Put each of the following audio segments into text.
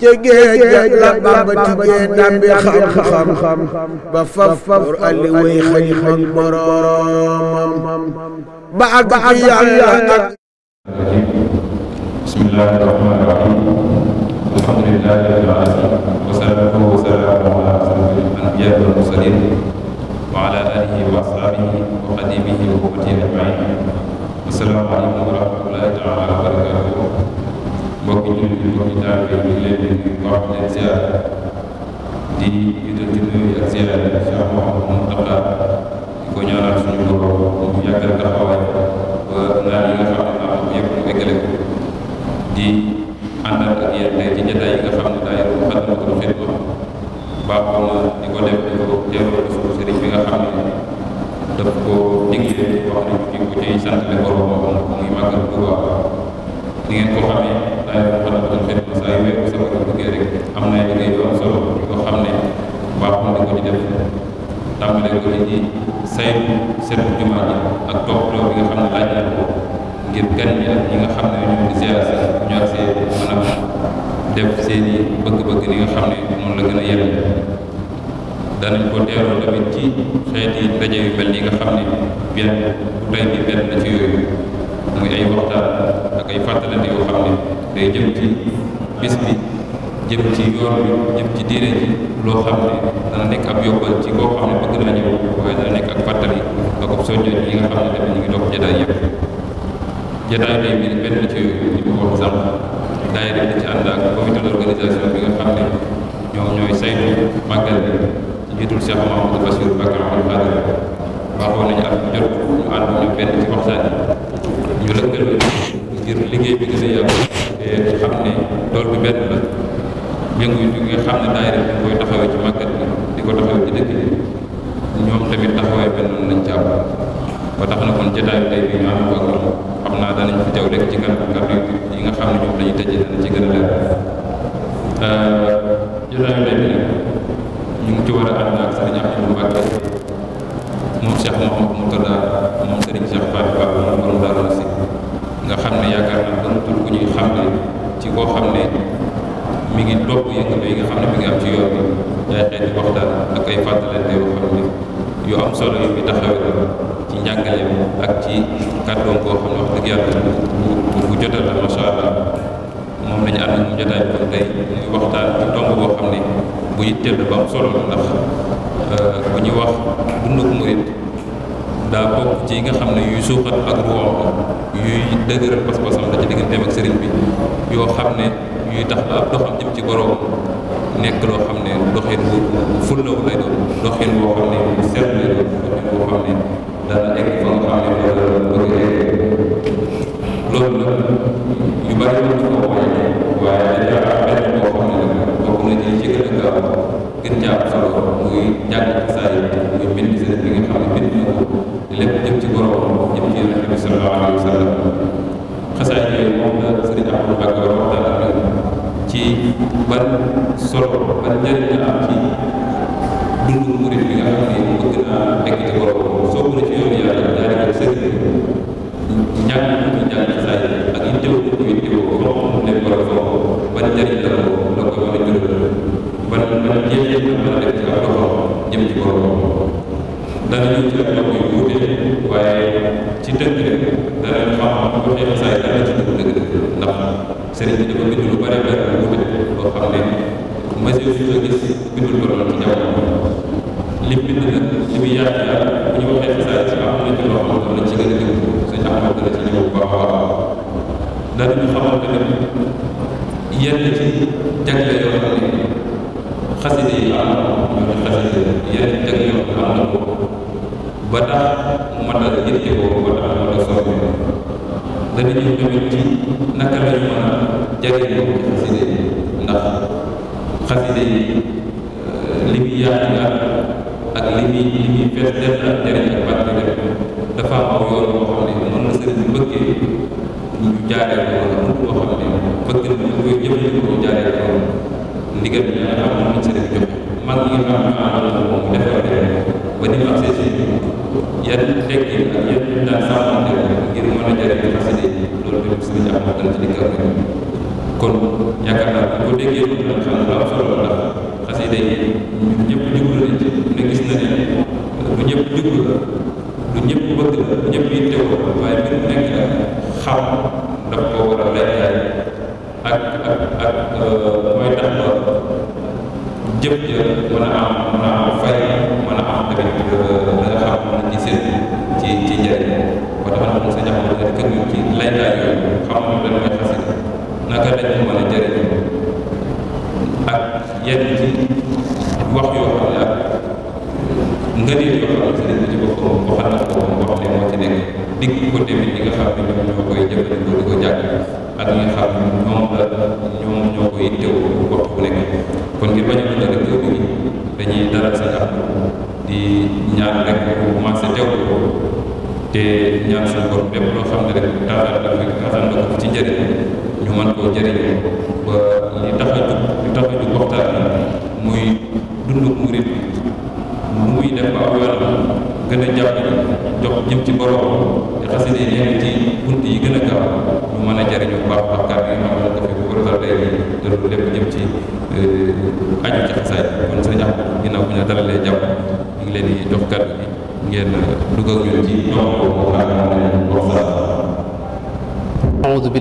ci géej géej la Bamba tigee dambi xam-xam ba faf pour alli way xalim ak boroomam ba ak ba ak yàlla ak bismillahi rahmani rahim alhamdulillahi rabbil alamin wa salaatu wa salaamu ala asrafil anbiyaa wal mursalin wa ala alihi wa ashabihi wa qadimihi wa ummatihi ajmain assalaamu aleykum wa rahmatullahi taala wa barakatuh daal ñu ngi leen di wax leen ziar di jiital ko ci jotaay yi nga xam ne daay mu xaddamatul xidma baaxoon na di ko def xam ne ko digle wax saa yu wér sa borom bëggee rek am na liggéey bu am solo ñu ko xam ne baaxoon na ko di def tàmbalee ko ci nga xam ne laaj na ngir gan ñi ak ñi nga xam ne a def seen bëgg-bëgg li nga xam ne moom la gën a yem danañ ko teeroo tamit ci xeeti ndaje yu mel ni nga xam ne benn bu tey bi benn na ci yooyu muy ay waxtaan ak ay fàttalante yoo xam ne day jëm ci bis bi jëm ci yoon bi jëm ci diine ji loo xam ne dana nekk ab yóbbal ci koo xam ne bëgg naa waaye dana nekk ak fàttali ak ab soññoon yi nga xam ne tamit ñu ngi dox jataay yëpp jataay day bi benn la ci yooyu ñu ko di ci ànd ak comité d'organisation bi nga xam ne ñooy saytu màggal bi ci jiitul Cheikh Mahamadou Bassirou Bakar Abdou Khadre waxoon nañu ak jot ñu ànd benn ci waxtaan yi ñu lëkkaloo ngir liggéey bi gën a yàgg te xam ne tool bi benn la yëngu ñu ngi xam ne daayira bi koy taxawee ci màggat bi di ko taxawee ci dëkk bi ñoom tamit taxawaay benn lañ ci am ba tax na kon jotaay tey bi ñu am ak ñoom xam naa danañ fi teew rek ci kan kàddu yi nga xam ne ñoom dañuy tëjee dana ci gën a leer euh, jotaay tey bi nag ñu ngi ci war a ànd ak sëriñ Ahmadou Mbacke moom Cheikh Mouhamadou Mourtada moom sëriñ Cheikh Fatou Ba moom borom Darou Mouhty nga xam ne yaakaar na doonatul ku ñuy xamle ci koo xam ne mi ngi topp yëngatu yi nga xam ne mi ngi am ci yoon bi ay xeeti waxtaan ak bi ci njàngaleem ak ci kàddoom koo xam ne wax dëgg yàlla bu jotal la macha allah moom la ànd mu jotaay kon tey muy waxtaan ci tomb boo xam ne bu yitteel ba am solo la ndax euh, bu ñu wax dunduk murit daa bokk ci yi nga xam ne yuy suuxat ak ruwaam yuy dëgëral pas-pasam la ci digganteem ak sëriñ bi yoo xam ne yuy tax la ab doxam jëm ci boroom nekk loo xam ne doxin bu seet lay doon doxin woo xam ne dana egg fa nga xam ne bëgg loolu nag yu bari ñu ko wàññi waaye dañuy am benn boo xam ne nag bokk ci gën a gaaw gën caa am muy jàng saa yi muy bind sëriñ bi nga xam ne sallallahu alayhi wa sallam xasaay yooyu moom la sëriñ Ahmadu Mbàkke war waxtaan ci ban solo ban njëriñ la am ci dundu murit bi nga xam ne bëgg naa nekk ci borom soo mën a ci yoon yàlla daal di ko sëriñ njàng ñu ko njàng xasaay ak yi teew ñu koy teew xam ne borom foofu ban njëriñ la ko la ko mën a jural ban ban jeexee mën a def ci ab doxam jëm ci borom danañu jël loxo yu wuute waaye ci dëkk rek danañ xam bu ko xeex saa yi dana ci dugg dëgg ndax sëriñ bi dafa bind lu bare bare lu wuute loo xam ne mesure su ko gis bindul ko lool ci jamono li bind nag li muy yaatu yaat bu ñu waxee saa yi am na ci loo xam ne ci gën a dëgg suñu amoon dana ci ñëw bu baax a baax danañu xamante ne yenn ci jagle yoo xam ne xaside yi am na xaside yenn jagle yoo xam ne am na ko ba tax mu mat a yitte woo ba tax mu mat a soppi dana ñëw tamit ci naka la ñu mën a jariñoo ci xaside yi ndax xaside yi euh, li muy yaatu la ak li muy li muy fees def la jariñ ak bàtt def dafa am yoon boo ne mën na sëriñ bëggee ñu jaaree ko wala mën boo xam ne bëgg na ñu koy jëfandikoo jaaree ko ndigal bi nga xam ne moom sëriñ joxe mag ñi nga ne ba ni mu accès yar teggin ak yëpp ñu daan ngir mën a jëriñu xasida yi loolu tamit sëriñ Ahmad dal ci xam lu am solo la xasida yi ñun ñëpp jublu nañ ne gis na ne lu ñëpp jublu la lu ñëpp bëgg la lu ñëpp yittewoo waaye mbir mu nekk la xam daf ko war a leeral ak ak ak mooy tax ba jëf ja mën a am mën a am fay mën a am tamit jëfandikoo ci leeraay yooyu xam nga lan mooy naka lañ ko mën a jëriñoo ak yenn ci wax yoo xam ne ak ngëneel yoo xam ne sëriñ bi nekk digg ko tamit ñi nga xam ne ñoom ñoo koy jëfandikoo di ko jàng ak nga xam ñoom la ñoom ñoo koy teewoo waxtu bu nekk kon ngir bañ a mën a rek dañuy dalal sa kàddu di ñaan rek commencé te ñaan suñu borom lépp loo xam ne rek daanaka daanaka daanaka ko ci njëriñ ñu mën koo jëriñoo.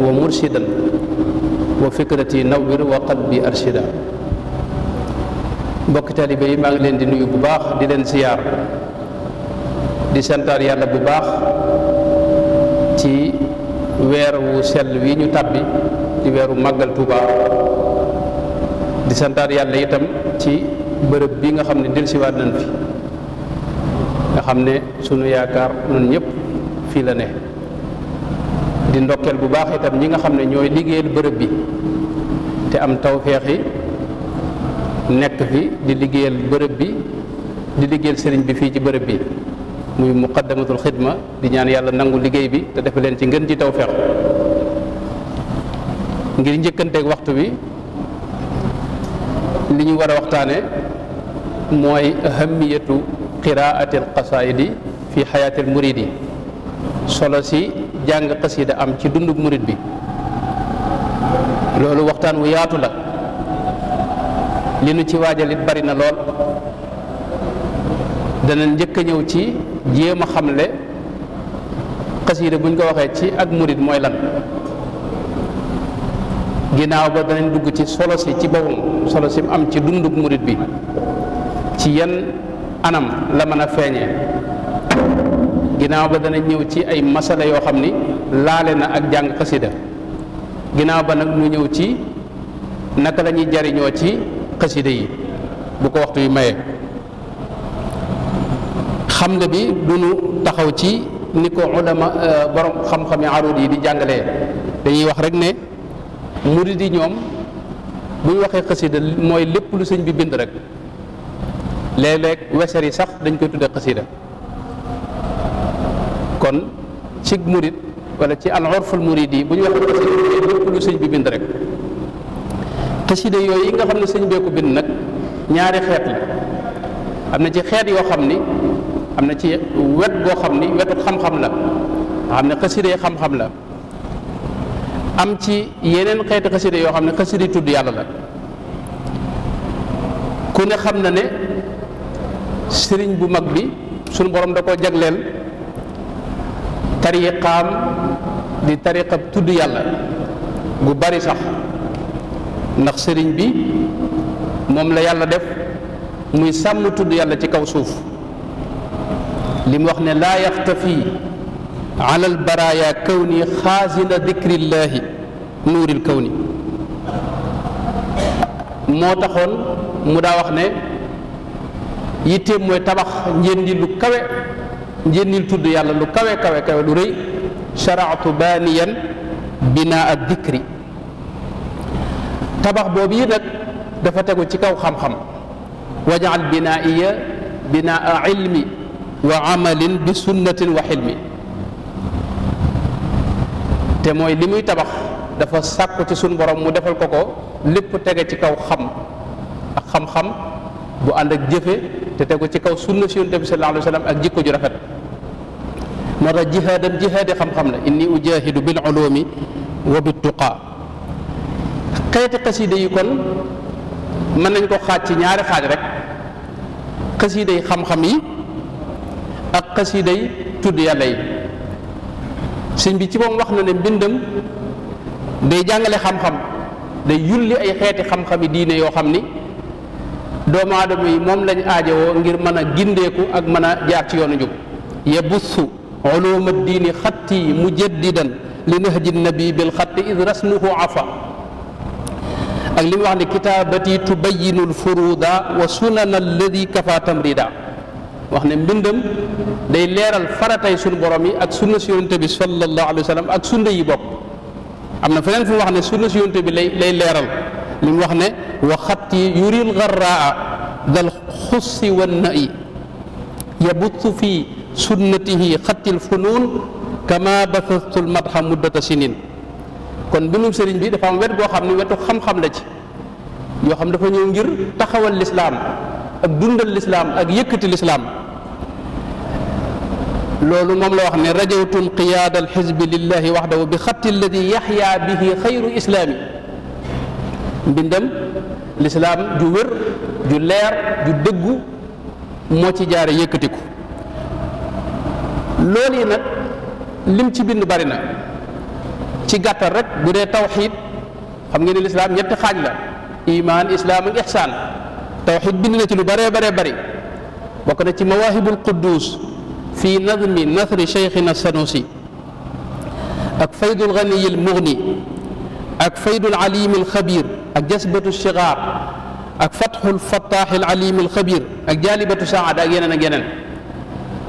wa murshidan wa fikrati nawwir wa qalbi arshida mbokki taalibe yi maa ngi leen di nuyu bu baax di leen siyaar di santaar yàlla bu baax ci weer wu sell wi ñu tàbbi ci weeru màggal Tuuba di santaar yàlla itam ci bërëb bi nga xam ne dellusiwaat nañ fi nga xam ne sunu yaakaar nun ñëpp fii la ne di ndokkeel bu baax itam ñi nga xam ne ñooy liggéeyal bërëb bi te am tawféexi nekk fi di liggéeyal bërëb bi di liggéeyal sëriñ bi fii ci bërëb bi muy muqaddamatul xidma di ñaan yàlla nangu liggéey bi te def leen ci ngën ci tawféex ngir njëkkanteeg waxtu wi li ñu war a waxtaane mooy ahamiyatu qiraati alqasaidi fi xayaati almuridi solo si jàng xasida am ci dundub murit bi loolu waxtaan wu yaatu la li nu ci waajalit bari na lool dana njëkk a ñëw ci jéem a xamle xasida buñ ko waxee ci ak murit mooy lan ginnaaw ba danañ dugg ci solo si ci boppam solo si am ci dundub murit bi ci yan anam la mën a feeñee ginnaaw ba dana ñëw ci ay masala yoo xam ni laale na ak jàng xasida ginnaaw ba nag mu ñëw ci naka la ñuy jariñoo ci xasida yi bu ko waxtu yu mayee xam nga bi du ñu taxaw ci ni ko ulama euh, borom xam-xami arud yi di jàngalee dañuy wax rek ne murid di ñoom bu waxee xasida mooy lépp lu sëñ bi bind rek léeg-léeg weser yi sax dañ koy tudde xasida kon ci murit walla ci al urful murid yi bu ñu waxee xasida lépp lu sëñ bi bind rek xasida yooyu yi nga xam ne sëñ bee ko bind nag ñaari xeet la am na ci xeet yoo xam ni am na ci wet goo xam ni wetu xam-xam la nga xam ne la am ci yeneen xeeti xasida yoo xam ne xasida yi tudd yàlla la ku ne xam na ne sëriñ bu mag bi sunu borom da koo jagleel tariqaam di tariqab tudd yàlla bu bari sax ndax sëriñ bi moom la yàlla def muy sàmm tudd yàlla ci kaw suuf li wax ne laa yaxtafi ala kaw ni xaasina dikrillaahi nuuril kawni moo taxoon mu daa wax ne yitteem mooy tabax njëndi lu kawe njënnil tudd yàlla lu kawe kawe kawe lu rëy sharaatu baaniyan binaa ak dikri tabax boobu yi nag dafa tegu ci kaw xam-xam wajaal binaaiya binaa ilmi wa amalin bi sunnatin wa xilmi te mooy li muy tabax dafa sàkku ci sun borom mu defal ko ko lépp tege ci kaw xam ak xam-xam bu ànd ak jëfe te tegu ci kaw sunna si yonent bi sallallahu alayhi wa ak jikko ju rafet moo tax jihaadam jihaadi xam-xam la indi ujahidu bil ulumi wa bit tuqa xeeti xasida yi kon mën nañ ko xaaj ci ñaari xaaj rek xasida yi xam-xam yi ak xasida yi tudd yàlla yi sëñ bi ci moom wax na ne mbindam day jàngale xam-xam day yulli ay xeeti xam-xam yi diine yoo xam ni doomu aadama yi moom lañ woo ngir mën a gindeeku ak mën a jaar ci yoonu njub yebussu ulum addiini xatti mujaddidan li nahji nabi bil xatti id rasmuhu afa ak li mu wax ne kitaabati tubayinu alfuruda wa sunana alladi kafa tamrida wax ne mbindam day leeral faratay sunu borom yi ak sunna si yonente bi sallallahu alayhi wa sallam ak sunna yi bokk am na feneen fu mu wax ne sunna si yonente bi lay lay leeral li mu wax ne wa xatti yuril garraa dal xussi wa na'i yabuttu fii sunnatihi xattil funuun kama bathastul madha muddata sinin kon bindum sëriñ bi dafa am wet goo xam ne wetu xam-xam la ci yoo xam dafa ñëw ngir taxawal lislaam ak dundal lislaam ak yëkkati lislaam loolu moom la wax ne rajawtum qiyaada alxizbi lillahi waxdahu bi xatti alladi yaxya bihi xayru islaami mbindam lislaam ju wér ju leer ju dëggu moo ci jaare ko loolu yi nag lim ci bind bari na ci gàttal rek bu dee tawxiid xam ngeen ne lislaam ñetti xaaj la iman islaam ak ihsaan tawxiid bind na ci lu bëree baree bëri bokk na ci mawaahibul quddus fi nadmi nathri cheikhina sanusi ak faydul ganiyil mugni ak faydul alimil xabir ak jasbatu sigaar ak fatxul fattaaxil alimil xabir ak jaalibatu saada ak yeneen ak yeneen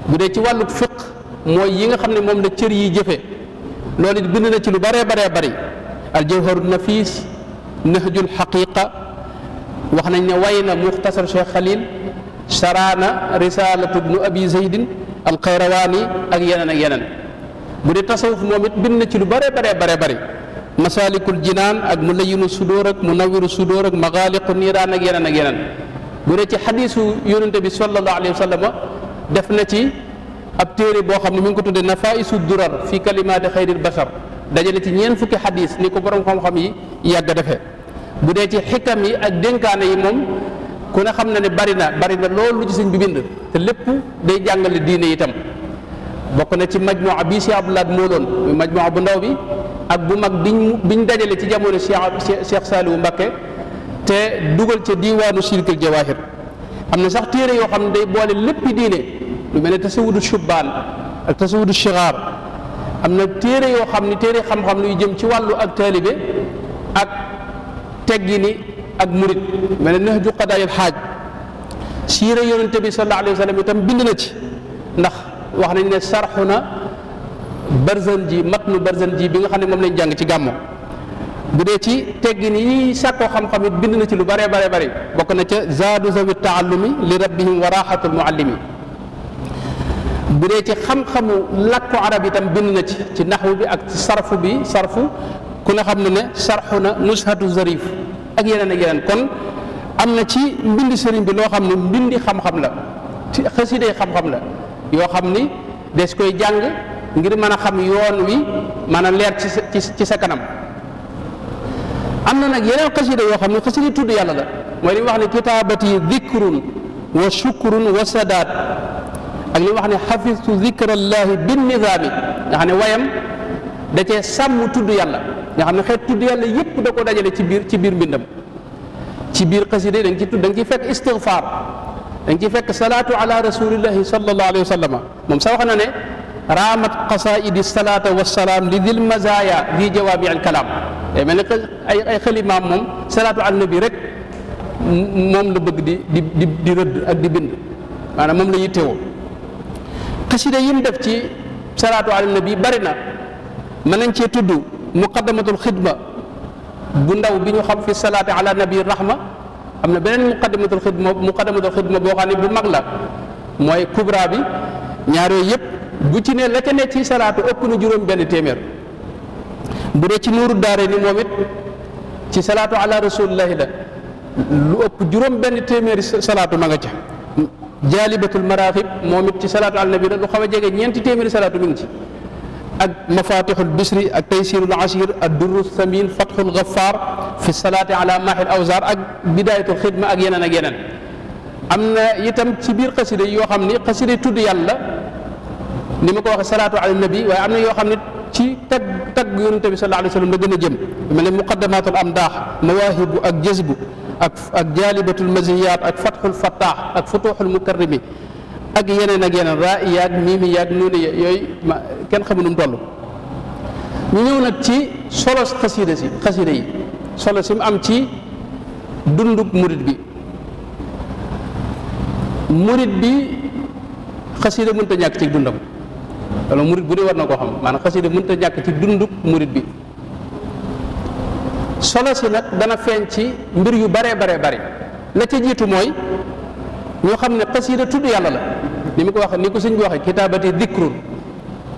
bu dee ci wàllu fiq mooy yi nga xam ne moom la cër yi jëfe loolu it bind na ci lu bare bare bari aljawharu nafis nahjul xaqiqa wax nañ ne way na muxtasar cheikh xalil saraana risalatu bnu abi zeydin alxayrawaani ak yeneen ak yeneen bu dee tasawuf moom it bind na ci lu bare bare bare bari masaalikul jinaan ak mu layinu sudóor ak mu nawiru sudóor ak magaaliqu niiraan ak yeneen ak yeneen bu dee ci xadiisu yonente bi sallallahu alayhi wa def na ci ab téere boo xam ne mi ngi ko tudde nafaisu durar fi kalimaati xayril bashar dajale ci ñeent fukki xadis ni ko borom xam-xam yi yàgg defee bu dee ci xikam yi ak dénkaane yi moom ku ne xam na ne bari na bari na loolu ci sëñ bi bind te lépp day jàngale diine itam bokk na ci majmua bi Cheikh Abdoulaat mooloon muy majmua bu ndaw bi ak bu mag biñ biñ dajale ci jamono Cheikh Cheikh Saliou Mbacké te dugal ca diwaanu shirkul jawahir am na sax téere yoo xam ne day boole lépp diine lu mel ne tasawudu shubbaan ak tasawudu shiraar am na téere yoo xam ni téere xam-xam luy jëm ci wàllu ak taalibe ak teggini ak murit mel ne nahju qadaayil xaaj siira yonente bi sallallahu alayhi wa tam itam bind na ci ndax wax nañ ne sarxu na barzan ji matnu barzan ji bi nga xam ne moom lañ jàng ci gàmmu bu ci teggin yi sàkkoo xam-xam it bind na ci lu bare bare bare bokk na ca zaadu zawi taallumi li rabbihim wa raaxatul muallimi bu dee ci xam-xamu làkku arab itam bind na ci ci naxwu bi ak sarfu bi sarfu ku ne xam ne ne sarxu na nushatu zarif ak yeneen ak yeneen kon am na ci mbind sëriñ bi loo xam ne mbindi xam-xam la ci xësidee la yoo xam ni des koy jàng ngir mën a xam yoon wi mën a leer ci sa ci sa kanam am na nag yeneen xasida yoo xam ne xasida tudd yàlla la mooy li mu wax ne kitaabati dikrun wa shukrun wa sadaat ak li wax ne xafistu zikrallahi bin nizaami nga xam ne wayam da cee sàmm tudd yàlla nga xam ne xeet tudd yàlla yépp da ko dajale ci biir ci biir mbindam ci biir xasida da nga ci tudd da nga ci fekk istigfaar da fekk salaatu ala rasulillahi sallallahu alayhi wa sallam moom sa wax na ne raamat qasaidi salaata wasalaam li dil mazaya di jawaabi al day mel ne ay ay xalimaam moom salaatu ala nabi rek moom la bëgg di di di rëdd ak di bind maanaam moom la yittewoo xasida yim def ci salaatu ala nabi bari na mën nañ cee tudd muqaddamatul xidma bu ndaw bi ñu xam fi salaati ala nabi rahma am na beneen muqaddamatul xidma muqaddamatul xidma boo xam ne bu mag la mooy kubra bi ñaar yooyu bu ci ne la ca ne ci salaatu ëpp na juróom benn téeméer bu dee ci nuuru daare ni moom it ci salaatu ala rasulillahi la lu ëpp juróom benn téeméeri salaatu ma nga ca jaalibatul maraaxib moom it ci salaatu al nabi la lu xaw a jege ñeenti téeméeri salaatu mi ngi ci ak mafatixul bisri ak taysirul asir ak durru samin fatxul gafaar fi salaati ala mahil awsar ak bidayatul xidma ak yeneen ak yeneen am na itam ci biir xasida yoo xam ni xasida tudd yàlla ni ma ko waxee salaatu ala nabi waaye am na yoo xam ne ci tag tag yonente bi sallallahu alayhi wa sallam la gën a jëm mel ne muqaddamatul amdaax mawaahibu ak jazbu ak ak jaalibatul maziyaat ak fatxul fattaax ak futuxul mukarrimi ak yeneen ak yeneen raa yaag miimi yaag nuuni yooyu ma kenn xamu nu mu toll ñu ñëw nag ci solos xasida si xasida yi solo si mu am ci dundub murit bi murit bi xasida mënta ñàkk ci dundam wala murit bu dee war na koo xam maanaam xasida mënta ñàkk ci dundub murit bi solo si nag dana feeñ ci mbir yu baree baree bari la ca jiitu mooy ñoo xam ne xasida tudd yàlla la ni mu ko waxee ni ko sëñ bi waxee kitaabati dikrun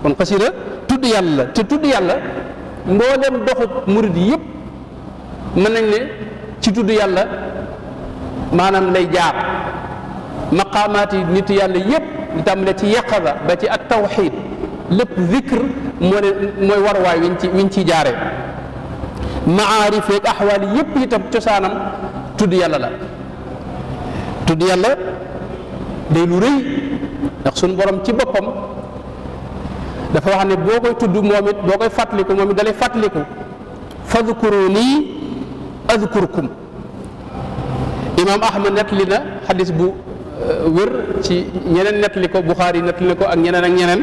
kon xasida tudd yàlla la te tudd yàlla mboolem doxub murid yëpp mën nañ ne ci tudd yàlla maanaam lay jaar maqaamaati nit yàlla yëpp di tàmbale ci yaqaza ba ci at tawxid lépp zikr moo ne mooy war waay wiñ ci wiñ ci jaaree maarif yeeg axwaal yépp itam cosaanam tudd yàlla la tudd yàlla day lu rëy ndax suñu borom ci boppam dafa wax ne boo koy tudd moom it boo koy fàttaliku moom it dalay fàttaliku fadkuruni adkurkum imaam ahmad nettali na xadis bu euh, wër ci ñeneen nettali ko buxaari nettali ko ak ñeneen ak ñeneen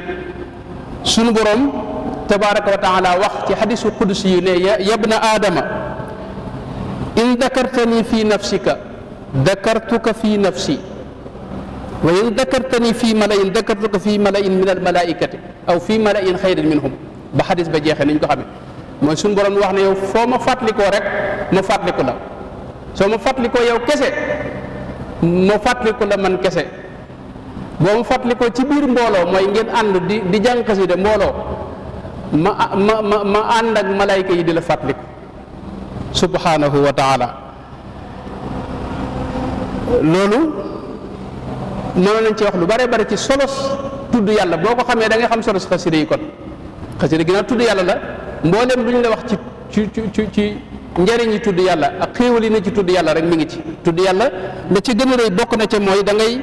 sunu borom tabaraka wa taala wax ci xadisu qudus yu ne yabna aadama in dakartani fi nafsika dakartuka fi nafsi wa in dakartani fi malain dakartuka fi malain min almalaikati aw fi malain xayrin minhum ba xadis ba jeexee niñ ko xamee mooy suñu borom wax na yow foo ma fàttalikoo rek ma fàttaliku la soo ma fàttalikoo yow kese ma fàttaliku la man kese boo ma fàttalikoo ci biir mbooloo mooy ngeen ànd di di jàng de mbooloo ma ma ma ma ànd ak malayka yi di la fàttaliku subhanahu wa taala loolu mënoon nañ ci wax lu bare bare ci solos tudd yàlla boo ko xamee da nga xam solos xasida yi kon xasida ginnaaw tudd yàlla la mboolem lu ñu la wax ci ci ci ci njëriñ yi tudd yàlla ak xéewal yi na ci tudd yàlla rek mi ngi ci tudd yàlla la ci gën a rëy bokk na ca mooy da ngay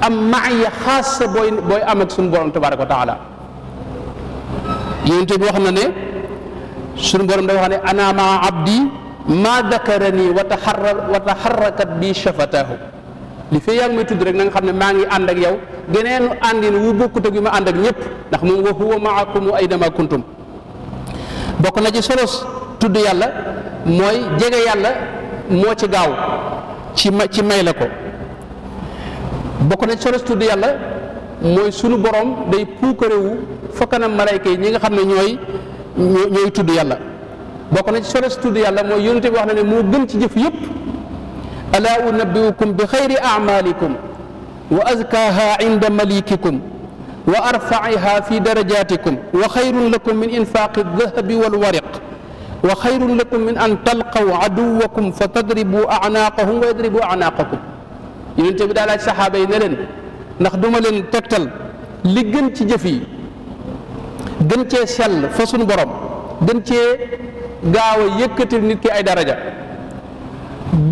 am maaya xaasa booy booy am ak suñu borom tabaraka wa taala yonent bi wax na ne suñu borom da wax ne ana maa ma maa dakarani wa taxarra wa bi shafatahu li fee yaa ngi tudd rek na xam ne maa ngi ànd ak yow geneen àndin wu bokkut ak ma ànd ak ñëpp ndax moom wa huwa maakum aynama kuntum bokk na ci solos tudd yàlla mooy jege yàlla moo ci gaaw ci ma ci may la ko bokk na ci solos tudd yàlla mooy sunu borom day puukarewu fa kanam malayka yi ñi nga xam ne ñooy ñooy tudd bokk na ci solo si tudd yàlla mooy yonent wax na ne moo gën ci jëf yëpp alaa unabbiukum bi xayri amalikum wa azkaaha inda malikikum wa arfaiha fi darajatikum wa xayrun lakum min infaaqi dahabi wal wariq wa xayrun lakum min an talqaw aduwakum fa tadribu anaaqahum wa yadribu anaaqakum yonent bi daa laaj saxaaba ne leen ndax duma leen tegtal li gën ci jëf yi gën cee sell fa suñu borom gën cee gaaw a yëkkatil nit ki ay daraja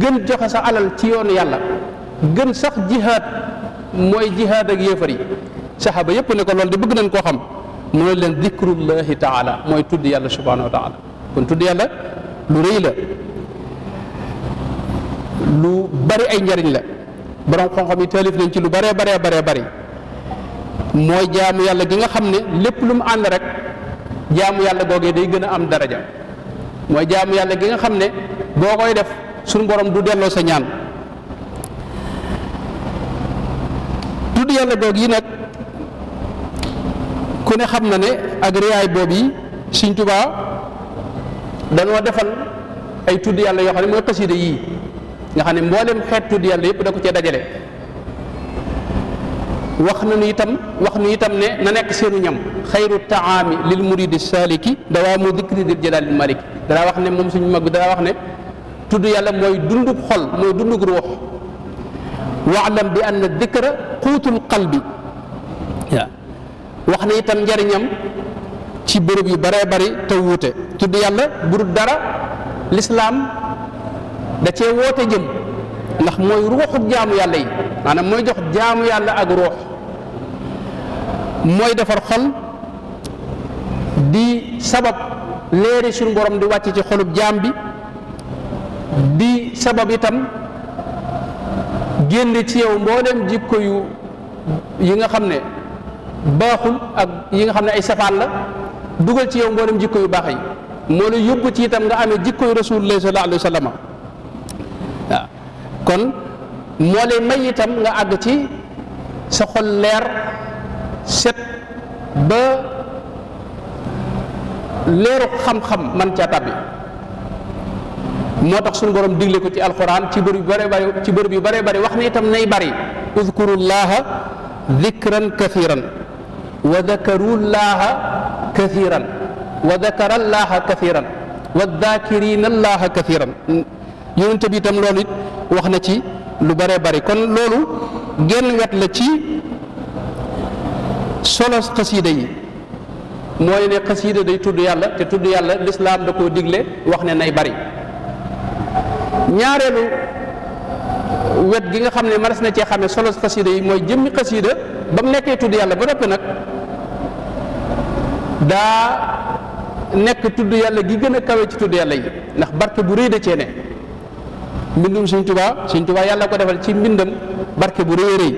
gën joxe sa alal ci yoonu yàlla gën sax jihaad mooy jihaad ak yéefar yi saxaaba yépp ne ko loolu de bëgg nañ koo xam mu ne leen dikrullahi taala mooy tudd yàlla subhanahu wa taala kon tudd yàlla lu rëy la lu bari ay njariñ la borom xam-xam yi taalif nañ ci lu baree baree baree bari mooy jaamu yàlla gi nga xam ne lépp lu mu ànd rek jaamu yàlla googee day gën a am daraja mooy jaamu yàlla gi nga xam ne boo koy def suñu borom du delloo sa ñaan tudd yàlla goog yi nag ku ne xam na ne ak riyaay boobu yi Sëñ tubaa danoo defal ay tudd yàlla yoo xam ne mooy xasida yii nga xam ne mboolem xeet tudd yàlla yëpp da ko cee dajale wax na nu itam wax nu itam ne na nekk seenu ñam xayru taami lil muridi saliki dawaa mu dikri dil jalaalil maliki danaa wax ne moom suñu mag bi danaa wax ne tudd yàlla mooy dundug xol mooy dundug ruux waalam bi anna dikra quutul qalbi waaw wax na itam njariñam ci bërëb yu bëree bëri te wute tudd yàlla buru dara lislaam da cee woote jëm ndax mooy ruuxu jaamu yàlla yi maanaam mooy jox jaamu yàlla ak ruux mooy defar xol di sabab leeri suñu borom di wàcc ci xolub jaam bi di sabab itam génn ci yow mboolem jikko yu yi nga xam ne baaxul ak yi nga xam ne ay safaan la dugal ci yow mboolem jikko yu baax yi moo la yóbbu ci itam nga amee jikko yu rasulullah sallallahu alayhi wa sallam waaw kon moo lay may itam nga àgg ci sa xol leer set ba leeru xam-xam man caa tàbbi moo tax suñu borom digle ko ci alquran ci bër yu bare bari bare wax na itam nay bari udkurullaha dikran kathiran wa dakarullaha kathiran wa dakarallaha kathiran wa dakirina allaha kathiran yonent loolu wax na ci lu bare bari kon loolu genn wet la ci solo xasiida yi mooy ne xasiida day tudd yàlla te tudd yàlla lislaam da koo digle wax ne nay bari ñaareelu wet gi nga xam ne maras na cee xamee solo xasiida yi mooy jëmmi xasiida ba mu nekkee tudd yàlla ba noppi nag daa nekk tudd yàlla gi gën a kawe ci tudd yàlla yi ndax barke bu rëy da cee ne mbindum Sëñ Tuubaa Sëñ Tuubaa yàlla ko defal ci mbindam barke bu rëy rëy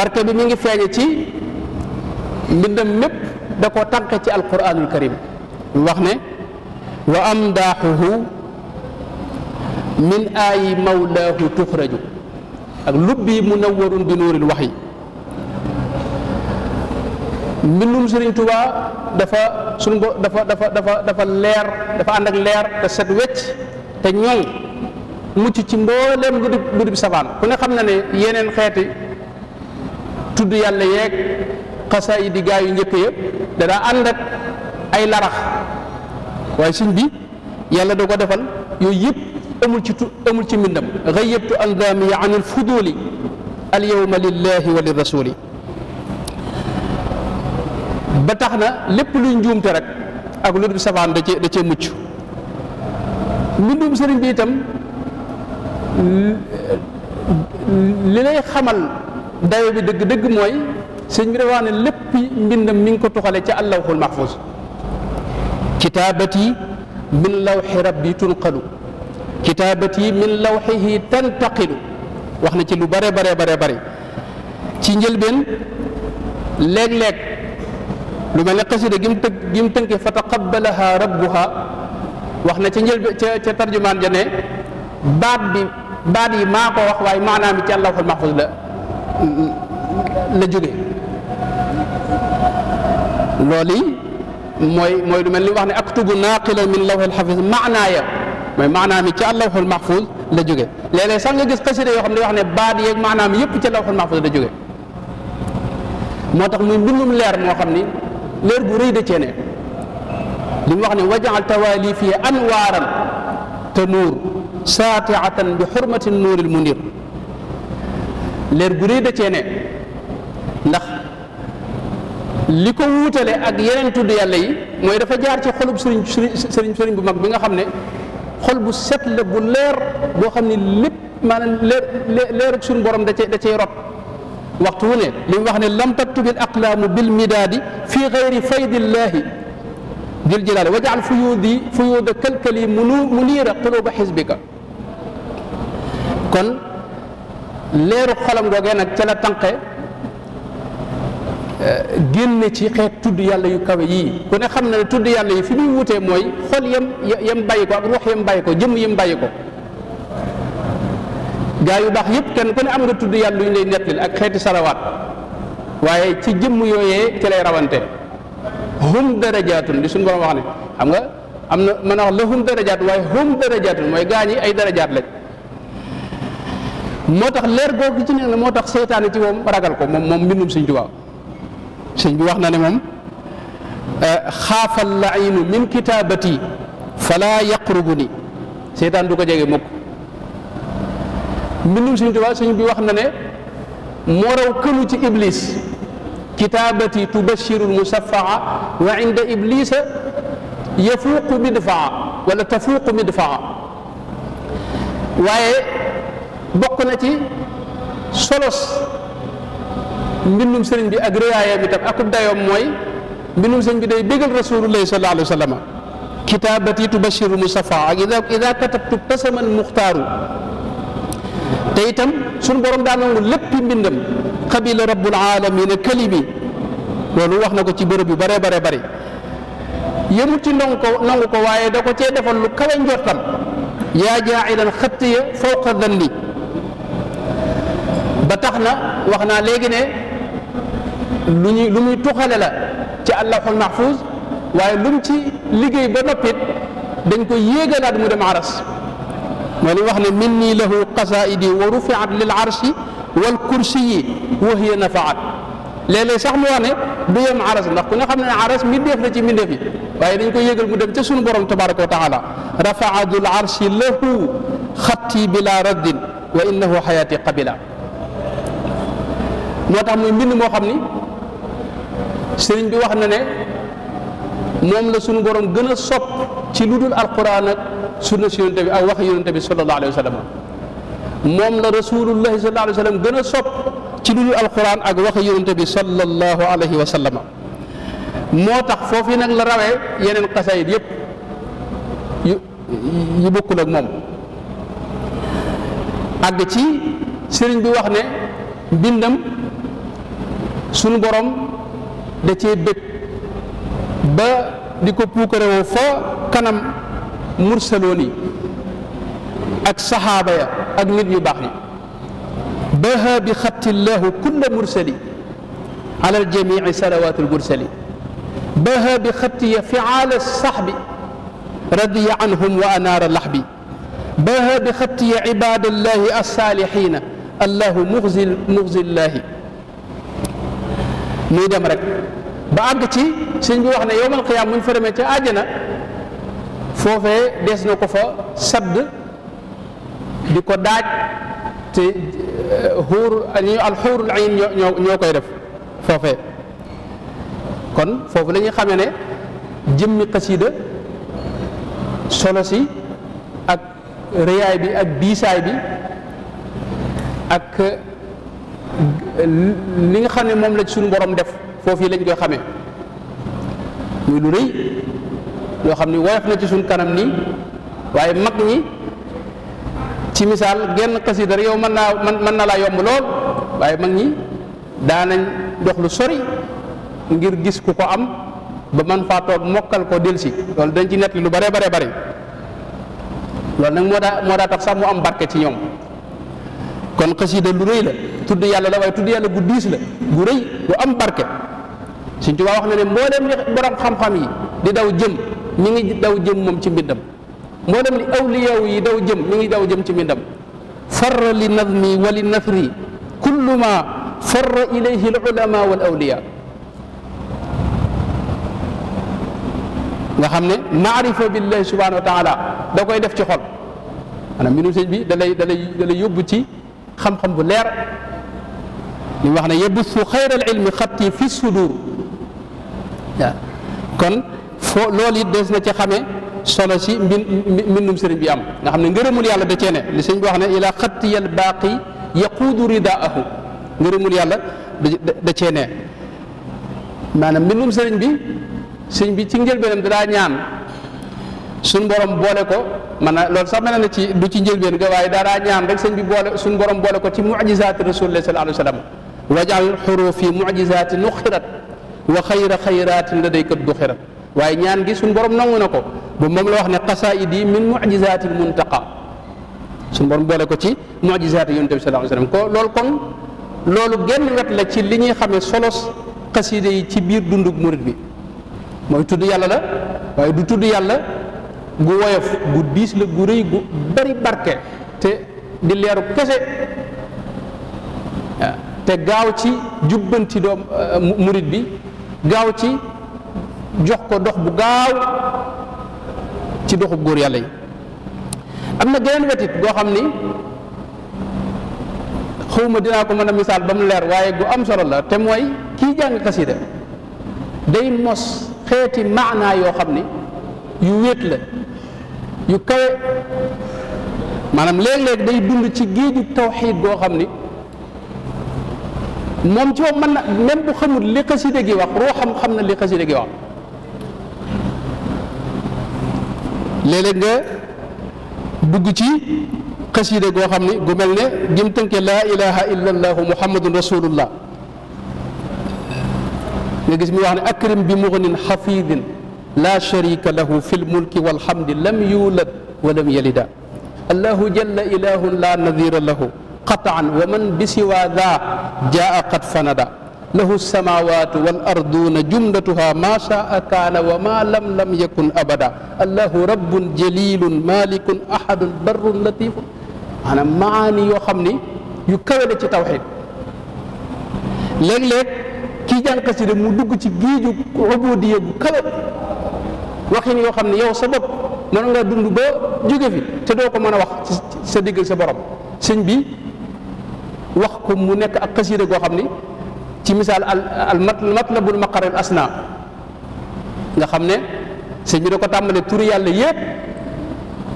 barke bi mi ngi feeñe ci mbindam mépp da ko tànq ci alquranul karim wax ne wa amdaaxuhu min aayi mawlaahu tuxraju ak lubbi munawwarun bi nuuril wax yi mbindum Sëriñ Tuubaa dafa su bo dafa dafa dafa dafa leer dafa ànd ak leer te set wecc te ñoŋ mucc ci mbooleem lu di lu ku ne xam na ne yeneen xeeti tudd yàlla yeeg xasaayid yi gaa yu njëkk yëpp da daa ànd ak ay larax waaye sëñ bi yàlla da ko defal yooyu yëpp amul ci tu amul ci mbindam xayyabtu andaamiya an na lépp ak lu dul safaan da cee da cee mucc mbindum sëriñ bi itam li lay xamal dayo bi dëgg-dëgg mooy sëñ bi dafa wax ne lépp mbindam mi ngi ko tuxale ca allawxul mahfuz kitaabati min lawxi rabbi tunqalu kitaabati min lawxihi tantaqilu wax na ci lu bare bare bare bare ci njëlbeen léeg-léeg lu mel ne xasida gi mu tëgg fa taqabbalaha rabbuha wax na ca njëlbeen ca ca tarjumaan ja ne baat bi baat yi maa ko wax waaye maanaam bi ci allawxul mahfuz la la jóge loolu mooy mooy lu mel ni wax ne aktubu naaqila min lawhil xafiz maanaa ya mooy maanaam yi ca lawhul maxfuuz la jóge léeg-léeg sax nga gis xasida yoo xam ne wax ne baat yeeg maanaam yëpp ca lawhul maxfuuz la jóge moo tax muy mbindum leer moo xam ni leer bu rëy da li mu wax ne wajaal tawaali fii anwaaran te nuur saatiatan bi xurmati nuuril munir leer gu da ceene ndax li ko wuutale ak yeneen tudd yàlla yi mooy dafa jaar ci xolub sëriñ sëriñ bu mag bi nga xam ne xol bu set la bu leer boo xam ne lépp maanaam leer leer ak suñu borom da cee da cee rot waxtu wu ne li mu wax ne lam taktubil aqlaamu bi midaadi fi gayri faydillaahi jil jilaali wajaal fuyuudi fuyuuda kalkali munu muniira quluba xisbika kon leeru xolam googee nag ca la tànqe eh, génne ci xeet tudd yàlla yu kawe yii ku ne xam na ne tudd yàlla yi fi muy wutee mooy xol yam yam bàyyi ko ak ruux yam bàyyi ko jëmm yam bàyyi ko gaa yu baax yëpp kenn ku ne am nga tudd yàlla yu ñu lay ak xeeti sarawaat waaye ci jëmm yooyee ci lay rawante hum darajaatun li suñu borom wax ne xam nga am na mën a wax la hum darajaat waaye hum darajaatun mooy gaa ñi ay darajaat lañ moo tax leer googu ci ne la moo tax seytaane ci moom ragal ko moom moom mbindum sëñ Tuubaa sëñ bi wax na ne moom xaafal laayinu min kitaabati falaa yaqrubu ni seytaan du ko jege mukk mbindum sëñ Tuubaa bi wax na ne moo raw kënu ci iblis kitaabati tubashiru lmusafaa wa inda iblisa yafuuqu midfaa wala tafuuqu midfaa bokk na ci solos mbindum sëriñ bi ak réyaayam itam akub dayoom mooy mbindum sëriñ bi day bégal rasulullahi sallallahu alayhi wa kitaabati tubashiru musafa ak ida ida katabtu tasaman muxtaaru te itam suñu borom daa nangu lépp mbindam xabila rabbul alamina kalimi loolu wax na ko ci bërëb yu bare bare bare yëmut ci nangu ko nangu ko waaye da ko cee defal lu kawe njortam yaa jaa'ilan xattiya fawqa danni ba tax na wax naa léegi ne lu ñuy lu muy tuxale la ci allahul mahfuz waaye lu mu ci liggéey ba noppit dañ ko yéegalaat mu dem aras moo li wax ne min nii lahu qasaidi wa rufiat lil arshi wal kursiyi wa hiya nafaat léeg-léeg sax mu wax ne du yem aras ndax ku ne xam ne aras mbindeef la ci mbindeef yi waaye dañ ko yéegal mu dem ca sunu borom tabaraka wa taala rafaa dul arshi lahu xatti bila raddin wa innahu xayaati qabila moo tax muy mbind moo xam ni sëriñ bi wax na ne moom la sunu borom gën a sopp ci lu dul alquran ak sunna si yonente bi ak wax yonente bi sallallahu alayhi wa moom la rasulullahi sallallahu alayhi gën a sopp ci lu dul ak wax yonente bi sallallahu alayhi wa moo tax foofu nag la rawee yeneen xasayit yëpp yu yu bokkul ak moom àgg ci sëriñ bi wax ne mbindam sunu borom da cee bëgg ba di ko puukarewoo fa kanam mursaloon yi ak saxaaba ya ak nit ñu baax yi baha bi xattillahu kulla mursali ala aljamii salawaatul mursali baha bi xattiya fiaala saxbi radiya anhum wa anaara laxbi baha bi xattiya ibaadallahi alsaalixiina allahu muxzi muxzi llaahi muy dem rek ba àgg ci sëñ bi wax ne yowmal qiyaam muñ fa demee ca àjjana foofee des na ko fa sadd di ko daaj te eh, xuur ñu ñoo ñoo koy def foofe kon foofu lañuy ñuy xamee ne jëmmi xasiida solo si ak rëyaay bi ak biisaay bi ak li nga xam ne moom la suñu borom def foofu yi lañ koy xamee muy lu rëy loo xam ne woyof na ci suñ kanam nii waaye mag ñi ci misaal genn xasida yow man naa man na laa yomb lool waaye mag ñi daanañ dox lu sori ngir gis ku ko am ba man faa toog mokkal ko delsi loolu dañ ci nettali lu bare bare bare loolu nag moo moo daa tax sax mu am barke ci ñoom kon xasida lu rëy la tudd yàlla la waaye tudd yàlla gu la gu rëy gu am barke Sëñ wax na ne mboolem li borom xam yi di daw jëm ñi ngi daw jëm moom ci mbindam mboolem li awliyaw yi daw jëm ñi ngi daw jëm ci mbindam farra li nadmi wa li nafri kullu ma farra ilayhi al ulama wal nga xam ne maarifa billahi subhanahu wa taala da koy def ci xol maanaam mbindum sëñ bi da lay yóbbu ci xam-xam bu leer li wax na yebussu xayral ilmi xatti fi sudur kon foo loolu it des na ci xamee solo si mbin mbindum sëriñ bi am nga xam ne ngërëmul yàlla da cee ne li sëñ bi wax ne ilaa xattiyal baaqi yaquudu ridaahu ngërëmul yàlla da cee ne maanaam mbindum sëriñ bi sëñ bi ci njëlbeenam da daa ñaan suñ borom boole ko man na loolu sax mel na ci du ci njëlbeen ga waaye daaraa ñaan rek sëñ bi boole suñ borom boole ko ci mujizaati rasulillah sallallahu alayhi wa sallam wajal xurufi mujizaati nuxirat wa xayra xayraatin ladayka duxirat waaye ñaan gi suñ borom nangu na ko ba moom la wax ne qasaidi min mujizaati muntaqa suñ borom boole ko ci mujizaati yonent bi sallallahu alayhi wa ko loolu kon loolu genn wet la ci li ñuy xamee solos xaside yi ci biir dundug murit bi mooy tudd yàlla la waaye du tudd yàlla gu woyof gu diis la gu rëy gu bari barke te di leeru kese ah, te gaaw ci jubbanti doom ah, murit bi gaaw ci jox ko dox bu gaaw ci doxub góor yàlla yi am na geneen wetit goo xam ni xawma dinaa ko mën a misaal ba mu leer waaye gu am solo la te mooy kii jàng xasida day mos xeeti maanaa yoo xam ni yu wéet la yu kawe maanaam léeg-léeg day dund ci géeju tawxiid goo xam ni moom ci moom mën na même bu xamul li xaside gi wax ruuxam xam na li xaside gi wax léeg-léeg nga dugg ci xaside goo xam ni gu mel ne gim tënke laa ilaha illa allahu muhammadun rasulullah nga gis mi wax ne akrim bi muxnin xafidin laa sharika lahu fi lmulki walhamdi lam yulad wa lam yalida allahu jalla ilahun la nadira lahu qataan wa man bisiwa daa jaa qad fanada lahu samawatu wal arduuna jumlatuha maa shaa kaana wa maa lam lam yakun abada allahu rabbun jalilun malikun ahadun barrun latifun maanaam maani yoo xam ni yu kawe la ci tawxid léeg-léeg kii jàng xasida mu dugg ci géeju ubudiya bu kawe waxin yoo xam ne yow sa bopp mën nga dund ba jóge fi te doo ko mën a wax sa diggal sa borom sëñ bi wax ko mu nekk ak xasiida goo xam ni ci misaal al matlabul maqaril asna nga xam ne sëñ bi da ko tàmbalee turi yàlla yépp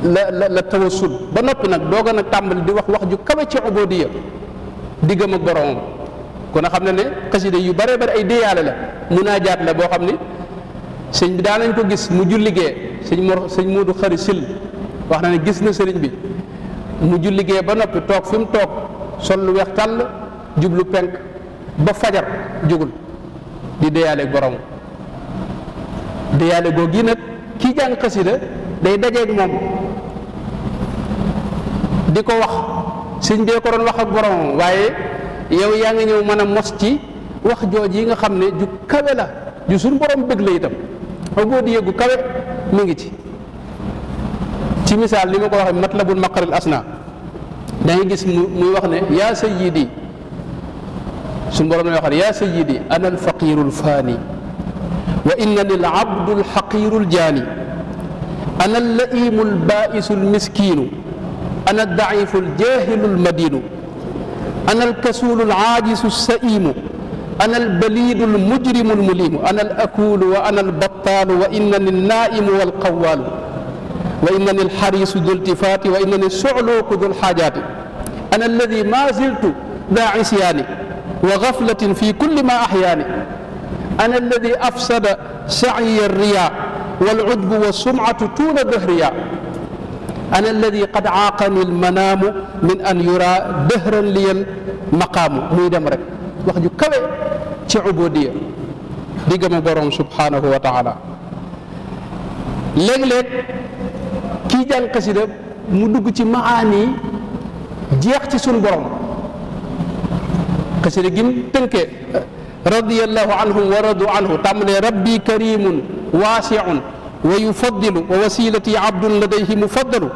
la la la tawasul ba noppi nag dooga a tàmbali di wax wax ju kawe ci ubudiyya diggam ak boromam kon a xam ne ne xasiida yu bare bare ay déyaale la munaajaat la boo xam ni sëñ bi daa nañ ko gis mu julligee sëñ Mor sëñ Moodu Xari Sil wax na ne gis na sëriñ bi mu julligee ba noppi toog fi mu toog sol lu weex tàll jublu penk ba fajar jógul di deyaale borom deyaale googu yi nag kii jàng xasida day dajeeg moom di ko wax sëñ bee ko doon wax ak boromam waaye yow yaa ngi ñëw mën a mos ci wax jooj yi nga xam ne ju kawe la ju suñ borom bëgg la itam ubudiyya gu kawe mu ngi ci ci misaal li ma ko waxee matlabul maqaril asna da ngay gis muy wax ne yaa sayyidi suñu borom lay waxal yaa sayyidi ana alfaqiru alfaani wa innani alabdu alxaqiru aljaani ana allaimu albaisu almiskinu ana aldaifu aljahilu almadinu ana alkasulu alaajisu alsaimu ana albaliidu almujrimu almuliimu ana alakuulu wa ana albattaalu wa innani alnaaimu walqawaalu wa innani alxariisu du iltifaati wa innani sucluuku du alxaajaati ana alladi maa ziltu daa isyaani wa gaflatin fi kulli ma axyaani ana alladi afsada sacyi alriyaa walcujbu walsumcatu tuuna dahriyaa ana alladi qad caaqani almanaamu min an yuraa dahran liya almaqaamu muy dem rek wax ju kawe ci ubudiya diggam borom subhanahu wa taala léeg-léeg kii jàng xasida mu dugg ci maani jeex ci sunu borom xasida gi mu tënkee radiyallahu anhum wa radu anhu tàmbalee rabbi karimun waasiun wa yufaddilu wa wasilati abdun ladayhi mufaddalu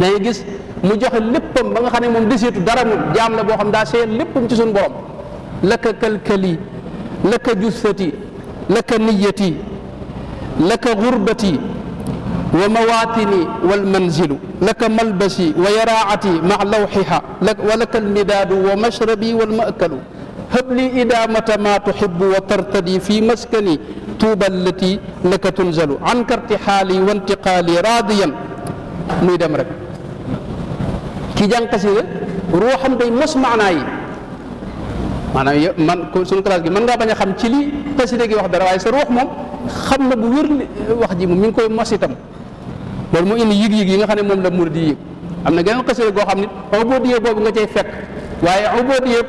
da ngay gis mu joxe léppam ba nga xam ne moom deseetu dara jaam la boo xam daa seet léppam ci sunu borom laka kalkali laka jussati laka niyati laka gurbati wa mawaatini wal manzilu laka malbasi wa yaraacati mac lawxiha wa laka almidaadu wa mashrabi wal maakalu hab li idaamata maa tuxibu wa tartadi fi maskani tuuba allati laka tunzalu an karti xaali wa intiqaali raadiyan muy dem rek ki jàng xasida ruuxam day mos maanaa yi maanaam yow man suñu classe gi mën ngaa bañ a xam ci li xasida gi wax dara waaye sa ruux moom xam na bu wér wax ji moom mu ngi koy mos itam loolu mu indi yëg-yëg yi nga xam ne moom la mur di yëg am na geneen goo xam nit ubudiyya boobu nga cay fekk waaye ubudiyya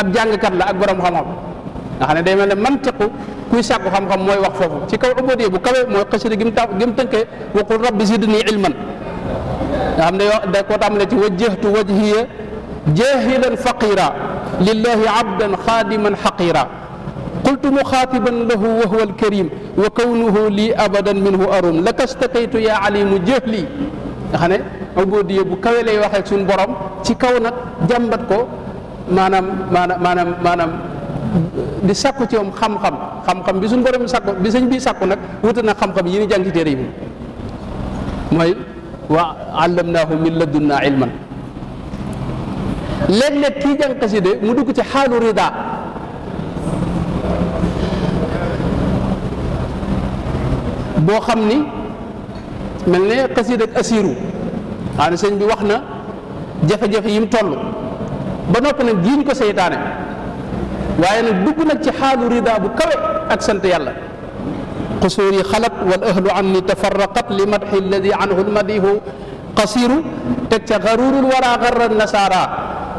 ab jàngkat la ak borom xam-xam nga xam ne day mel ne mantiqu kuy sàkku xam-xam mooy wax foofu ci kaw ubudiyya bu kawe mooy xasida gi mu tax gi mu tënkee waqul rabbi zidni ilman nga xam ne yow da koo tàmbalee ci wajjahtu wajhiya jaahilan faqira lillahi abdan xaadiman xaqira qultu muxaatiban lahu wa huwa alkarim wa kawnuhu lii abadan minhu arum laka stakaytu yaa alimu jahli nga xam ne ubudiyya bu kawe lay waxee suñu borom ci kaw nag jàmbat ko maanaam maanaam maanaam maanaam di sàkku ci moom xam-xam xam-xam bi suñu borom sàkku bi sëñ bi sàkku nag wuta na xam-xam yi ni jàng ci téere yi mooy wa allamnaahu min ladunnaa ilman léeg-léeg kii jàng xaside mu dugg ci xaalu rida boo xam ni mel ne xaside ak asiru xanaa sëñ bi wax na jafe-jafe yi mu toll ba noppi nag jiiñ ko seytaane waaye nag dugg nag ci xaalu rida bu kawe ak sant yàlla qusuuri xalat wal ahlu anni tafarraqat li madxi alladi anhu qasiru teg ca xaruurul wara xarra nasara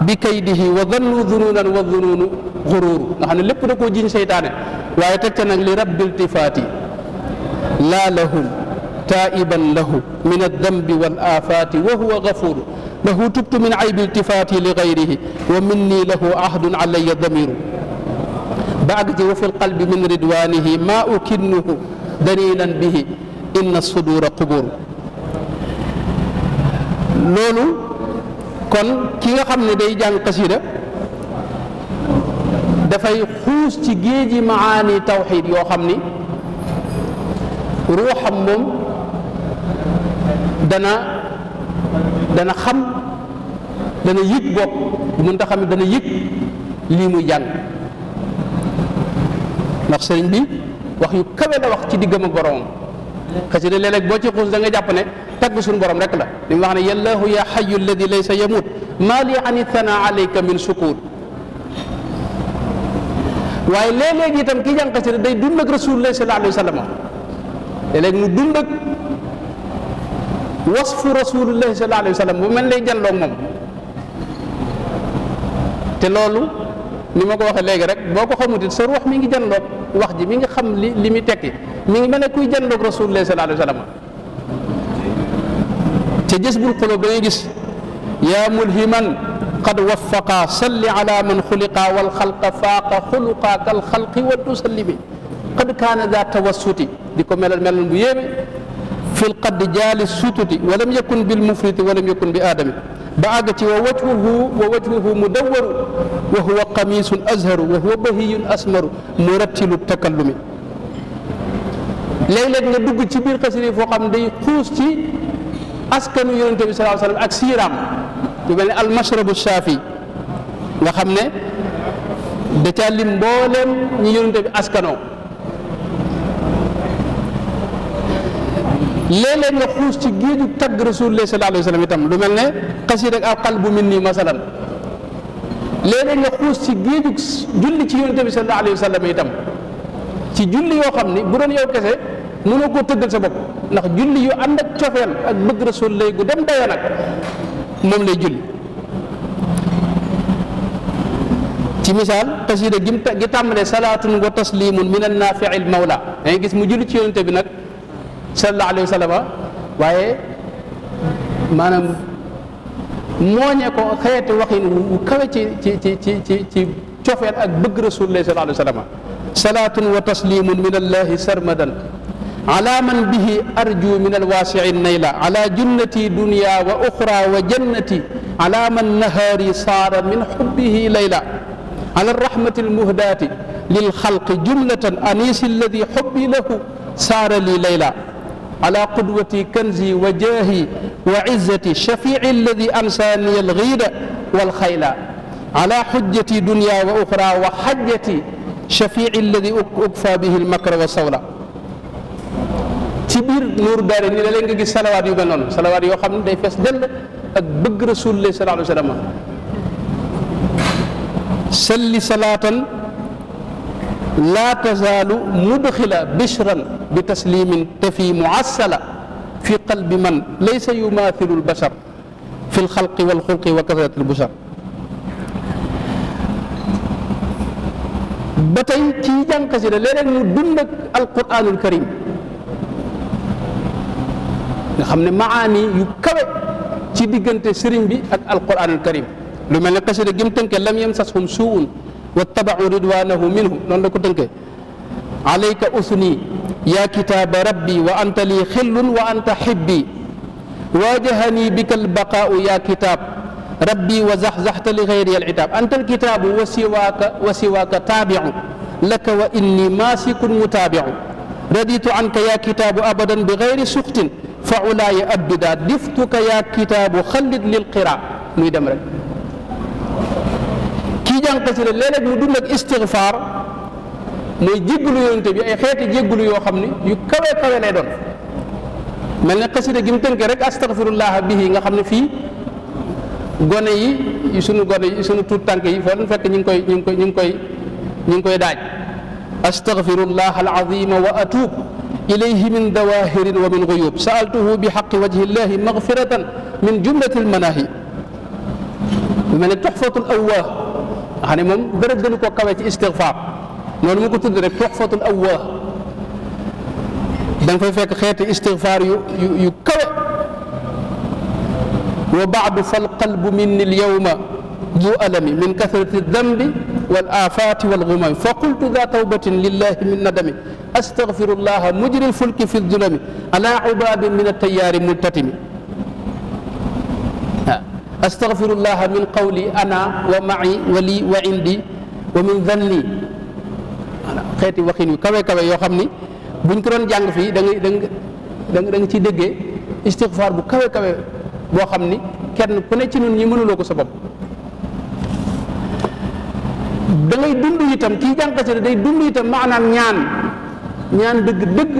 bi kaydihi wa dannu dunuunan wa dunuunu xuruuru nga xam ne lépp da koo jiñ seytaane waaye teg ca nag li rabbil tifaati laa lahum taiban lahu min addambi wal aafaati wa huwa gafuuru lahu tubtu min aybi iltifaati li gayrihi wa minni lahu ahdun alaya damiru ba àgg ci wa fi lqalbi min ridwanihi maa ukinnuhu dalilan bihi inna suduura quburu loolu kon ki nga xam ne day jàng xasida dafay xuus ci géeji maani tawxid yoo xam ni ruuxam moom dana dana xam dana yëg bopp bu mënta xam ne dana yëg lii muy jàng ndax sëriñ bi wax yu kawe la wax ci diggam ak boroom xasida léeg-léeg boo ci xuus da nga jàpp ne tagg suñu borom rek la li mu wax ne yallaahu ya xayu alladi laysa yamut maa li ani thana alayka min sukuut waaye léeg-léeg itam ki jàng xasida day dund ak rasulullah sallallahu alayhi wa sallam léeg-léeg mu dund ak wasfu rasulullah sallallahu alayhi wa sallam bu mel lay janloog moom te loolu ni ma ko waxee léegi rek boo ko xamut it sa ruux mi ngi jandoog wax ji mi ngi xam li li muy tekki mi ngi mel ne kuy jandoog rasulullah sallallahu alayhi wa sallam te gis bul xulóob dañuy gis yaa mulhiman qad waffaqa salli ala man xuliqa wal xalqa faaqa xuluqa kal xalqi wa tusallimi qad kaana daa tawassuti di ko melal melal bu yéeme fil qad jaali sututi walam yakun bi ba àgg ci wa wajhuhu wa wajhuhu wa huwa qamisun azharu wa huwa bahiyun asmaru murattilu takallumi léeg-léeg nga dugg ci biir xasida foo xam day xuus ci askanu yonente bi salaa sallam ak siiraam lu mel ne almashrabu shaafi nga xam ne da caa lim mbooleem ñi yonente bi askanoo léeg-léeg nga xuus ci géeju tagg rasulullah salaa alayhi wa sallam itam lu mel ne xasida ak alqalbu minni masalan léeg-léeg nga xuus ci géejug julli ci yonent bi sallallahu alayhi wa sallam itam ci julli yoo xam ni bu doon yow kese mënoo koo tëggal sa bopp ndax julli yu ànd ak cofeel ak bëgg rasul lay gu dem daya nag moom lay julli ci misaal xasida gi gi tàmbalee salaatun wa taslimun min an naafiil mawla da ngay gis mu julli ci yonent bi nag sallallahu alayhi wa sallam waaye maanaam mooñee ko xeeti waxin wu kawe ci ci ci ci ci ci cofeel ak bëgg rasulullah sallallahu alayhi wa sallam salaatun wa taslimun min allahi sarmadan ala man bihi arju min alwaasii nayla ala junnati dunya wa uxra wa jannati ala man nahaari saara min xubbihi layla ala rahmati almuhdaati lil xalqi jumlatan anisi alladi xubbi lahu saara li layla ala qudwati kanzi wa jaahi wa izzati shafii alladi ansaani alxiida walxayla ala xujjati dunya wa uxra wa xajjati shafii alladi ukfa bihi almakra wa sawla ci biir nuuru daare ni da leen nga gis salawaat yu mel noonu salawaat yoo xam ne day fees dell ak bëgg rasulullah sallallahu alayhi wa sallam salli salaatan laa tazaalu mudxila bichran bi taslimin te fii muassala fi qalbi man laysa yumaathilu lbashar fi lxalqi walxulqi wa kasrati lbushar ba tey ci jàng xasida léeg-léeg mu dund ak alquranul karim nga xam ne maani yu kawe ci diggante sëriñ bi ak alquranul karim lu mel ne xasida gi mu tënkee lam yem sashum suun wattabacu ridwanahu minhum noonu la ko tënkee alayka usni yaa kitaaba rabbi wa anta lii xillun wa anta xibbi waajahanii bika albaqaau yaa kitaab rabbi wa zaxzaxta li xayri alcitaab anta alkitaabu wa siwaaka wa siwaaka taabicu laka wa inni maasikun mutaabicu raditu anka yaa kitaabu abadan bi xayri suxtin fa ulaaya abida diftuka yaa kitaabu xallid lil qira muy dem rek kii jàng xasida léeg-léeg mu dund ak istigfaar mooy jéggalu yonent bi ay xeeti jéggalu yoo xam ni yu kawe kawe lay doon mel ne xasida gi mu tënkee rek astagfirullah bihi nga xam ne fii gone yi sunu gone yi sunu tuut tànk yi foo leen fekk ñu ngi koy ñu ngi koy ñu ngi koy ñu ngi koy daaj astagfirullah alazima wa atuub ilayhi min dawahirin wa min guyub saaltuhu bi xaqi wajhillahi magfiratan min jumlati almanahi mel ne tuxfatul awwaa nga xam ne moom dara gënu koo kawe ci istigfaar noonu mu ko tudd rek tuxfatul awwaa da nga fay fekk xeeti istigfaar yu yu yu kawe wa baadu fal qalbu minni l yowma du alami min kathrati dambi wal afaati wal gumami fa qultu da tawbatin lillahi min nadami astagfirullaha mujri lfulki fi ddulami ala ubabin min attayyaari multatimi astaghfirullaha min qawli ana wa ma'i wa li wa indi wa min dhanni xeeti waxin yu kawe kawe yoo xam ni buñ ko doon jàng fii dangay ngay da nga da ciy déggee istighfar bu kawe kawe boo xam ni kenn ku ne ci ñun ñi mënuloo ko sa bopp da ngay dund itam kii jàng xasida day dund itam maanaam ñaan ñaan dëgg dëgg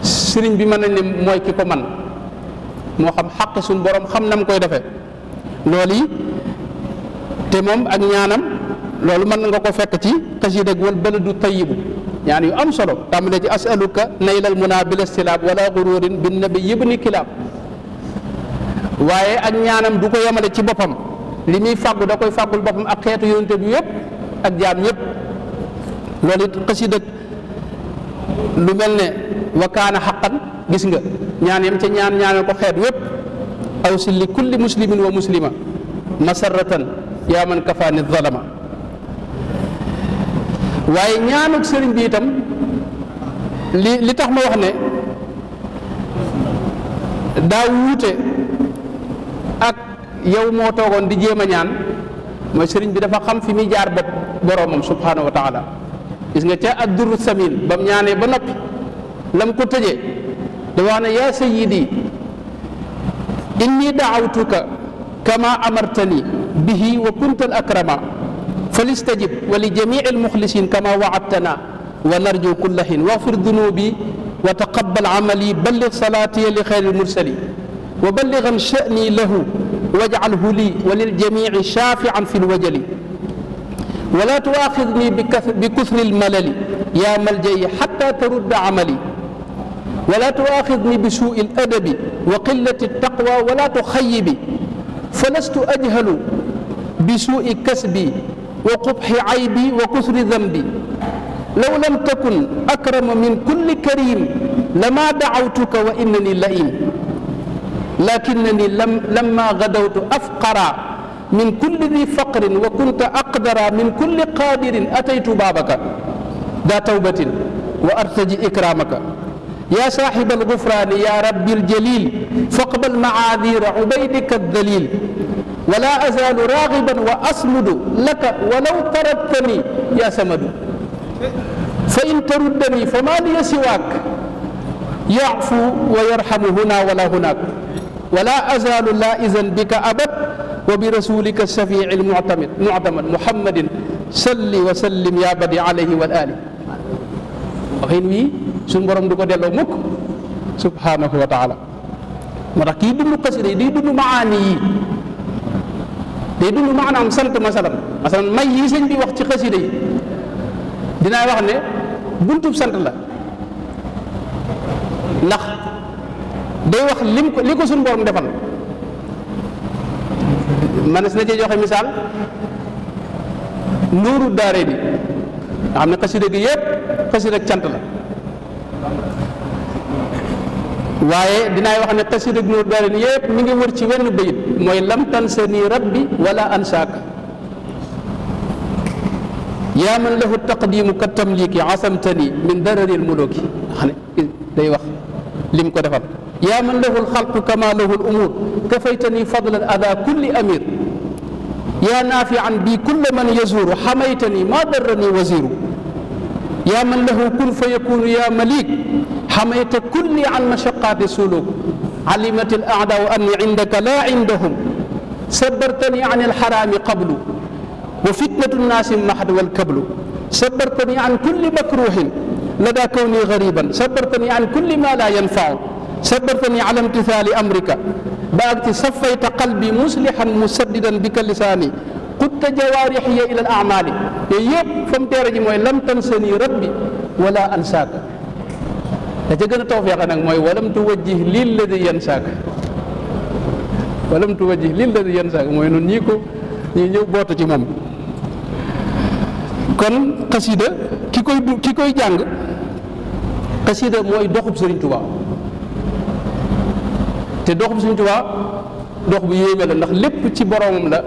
sëriñ bi mën nañ ne mooy ki ko man moo xam xàq suñ borom xam na mu koy defee loolu te moom ak ñaanam loolu mën nga ko fekk ci xasida ak wal baladu tayibu ñaan yu am solo tàmbalee ci asaluka naylal muna bil istilaab wala gururin bin nabi ni kilaab waaye ak ñaanam du ko yemale ci boppam li muy fàggu da koy fàggul boppam ak xeetu yonent bu yëpp ak jaam yëpp loolu it lu mel ne wa kaana xaqan gis nga ñaan yam ca ñaan ñaanal ko xeet wépp aw si li kulli muslimin wa muslima masarratan yaa kafaani zalama waaye ñaanuk sëriñ bi itam li li tax ma wax ne daa wuute ak yow moo toogoon di jéem a ñaan mooy sëriñ bi dafa xam fi muy jaar bopp boroomam subhanahu wa gis nga ca adduru sabil ba mu ñaanee ba noppi lam ko tëjee da wax ne yaa sayyidi inni daawtuka kama amartani bihi wa kunta al akrama فليستجب ولجميع المخلصين كما وعدتنا ونرجو كل حين واغفر ذنوبي وتقبل عملي بلغ صلاتي لخير المرسلين وبلغا شأني له واجعله لي وللجميع شافعا في الوجل wala tuwaaxidni bi kufri lmalali yaa maljayi xatta tarudda amali wala tuwaaxidni bi suui ladabi wa qillati taqwa wala tuxayibi falastu ajhalu bi suui kasbi wa qubxi caybi wa kufri dambi law lam takun akrama min kulli karim lama dacawtuka wa innani laim lakinani lamma gadawtu afqara min kulli di faqrin wa kunta aqdara min kulli qadirin ataytu baabaka daa tawbatin wa artaji ikramaka yaa saaxiba algufraani yaa rabbi aljalil faqbal macaadira ubaydika aldalil wala azaalu raagiban wa asmudu laka walaw taradtani yaa samadu fa in taruddani fa maa liya siwaak yaafu wa yarhamu huna wala hunaak wala azalu laa izan bika abad wa bi rasulika shafii lmutamid mutamad muhammadin salli wa sallim ya badi alayhi wa ali waxin wii suñ borom du ko delloo mukk subhanahu wa taala moo tax kii dund xasida yi day dund maani yi day dund maanaam sant masalan masalan may yi sëñ bi wax ci xasida yi dinaa wax ne buntub sant la ndax day wax lim ko li ko suñu mu defal manes na ci joxe misaal nuuru daare bi xam ne xasida gi yëpp xasida ak cant la waaye dinaay wax ne xasida gi nuuru daare bi yëpp ngi wër ci wenn bayit mooy lam tansani rabbi wala ansaaka yaa man lahu taqdimu ka tamliki asamtani min darari almuluki xam day wax lim ko defal yaa man lahu alxalqu kama lahu al umuur kafaytani fadlan ada kulli amir yaa naafian bi kulla man yazuuru xamaytani maa darrani waziru yaa man lahu kun fa yakunu yaa malik xamayta kulli an mashaqaati suluk alimat al aadaau anni indaka laa indahum sabartani an alxaraami qablu wa fitnatu nnaasi mahd walkablu sabartani an kulli makruhin lada kawni gariban sabartani an kulli ma laa yanfau sabartani ala imtithali amrika ba ak ci safayta qalbi muslihan musaddidan bika lisaani qutta jawaarixiya ila al amali yooyu ji mooy lam tansani rabbi wala ansaaka da ca gën nag mooy walam tuwajjih lilladi yansaaka walam tuwajjih lilladi yansaaka mooy nun ñii ko ñii ñëw bootu ci moom kon xasida ki koy du ki koy jàng xasida mooy doxub Sëriñ te dox bu Sëriñ Tuubaa la lépp ci boromam la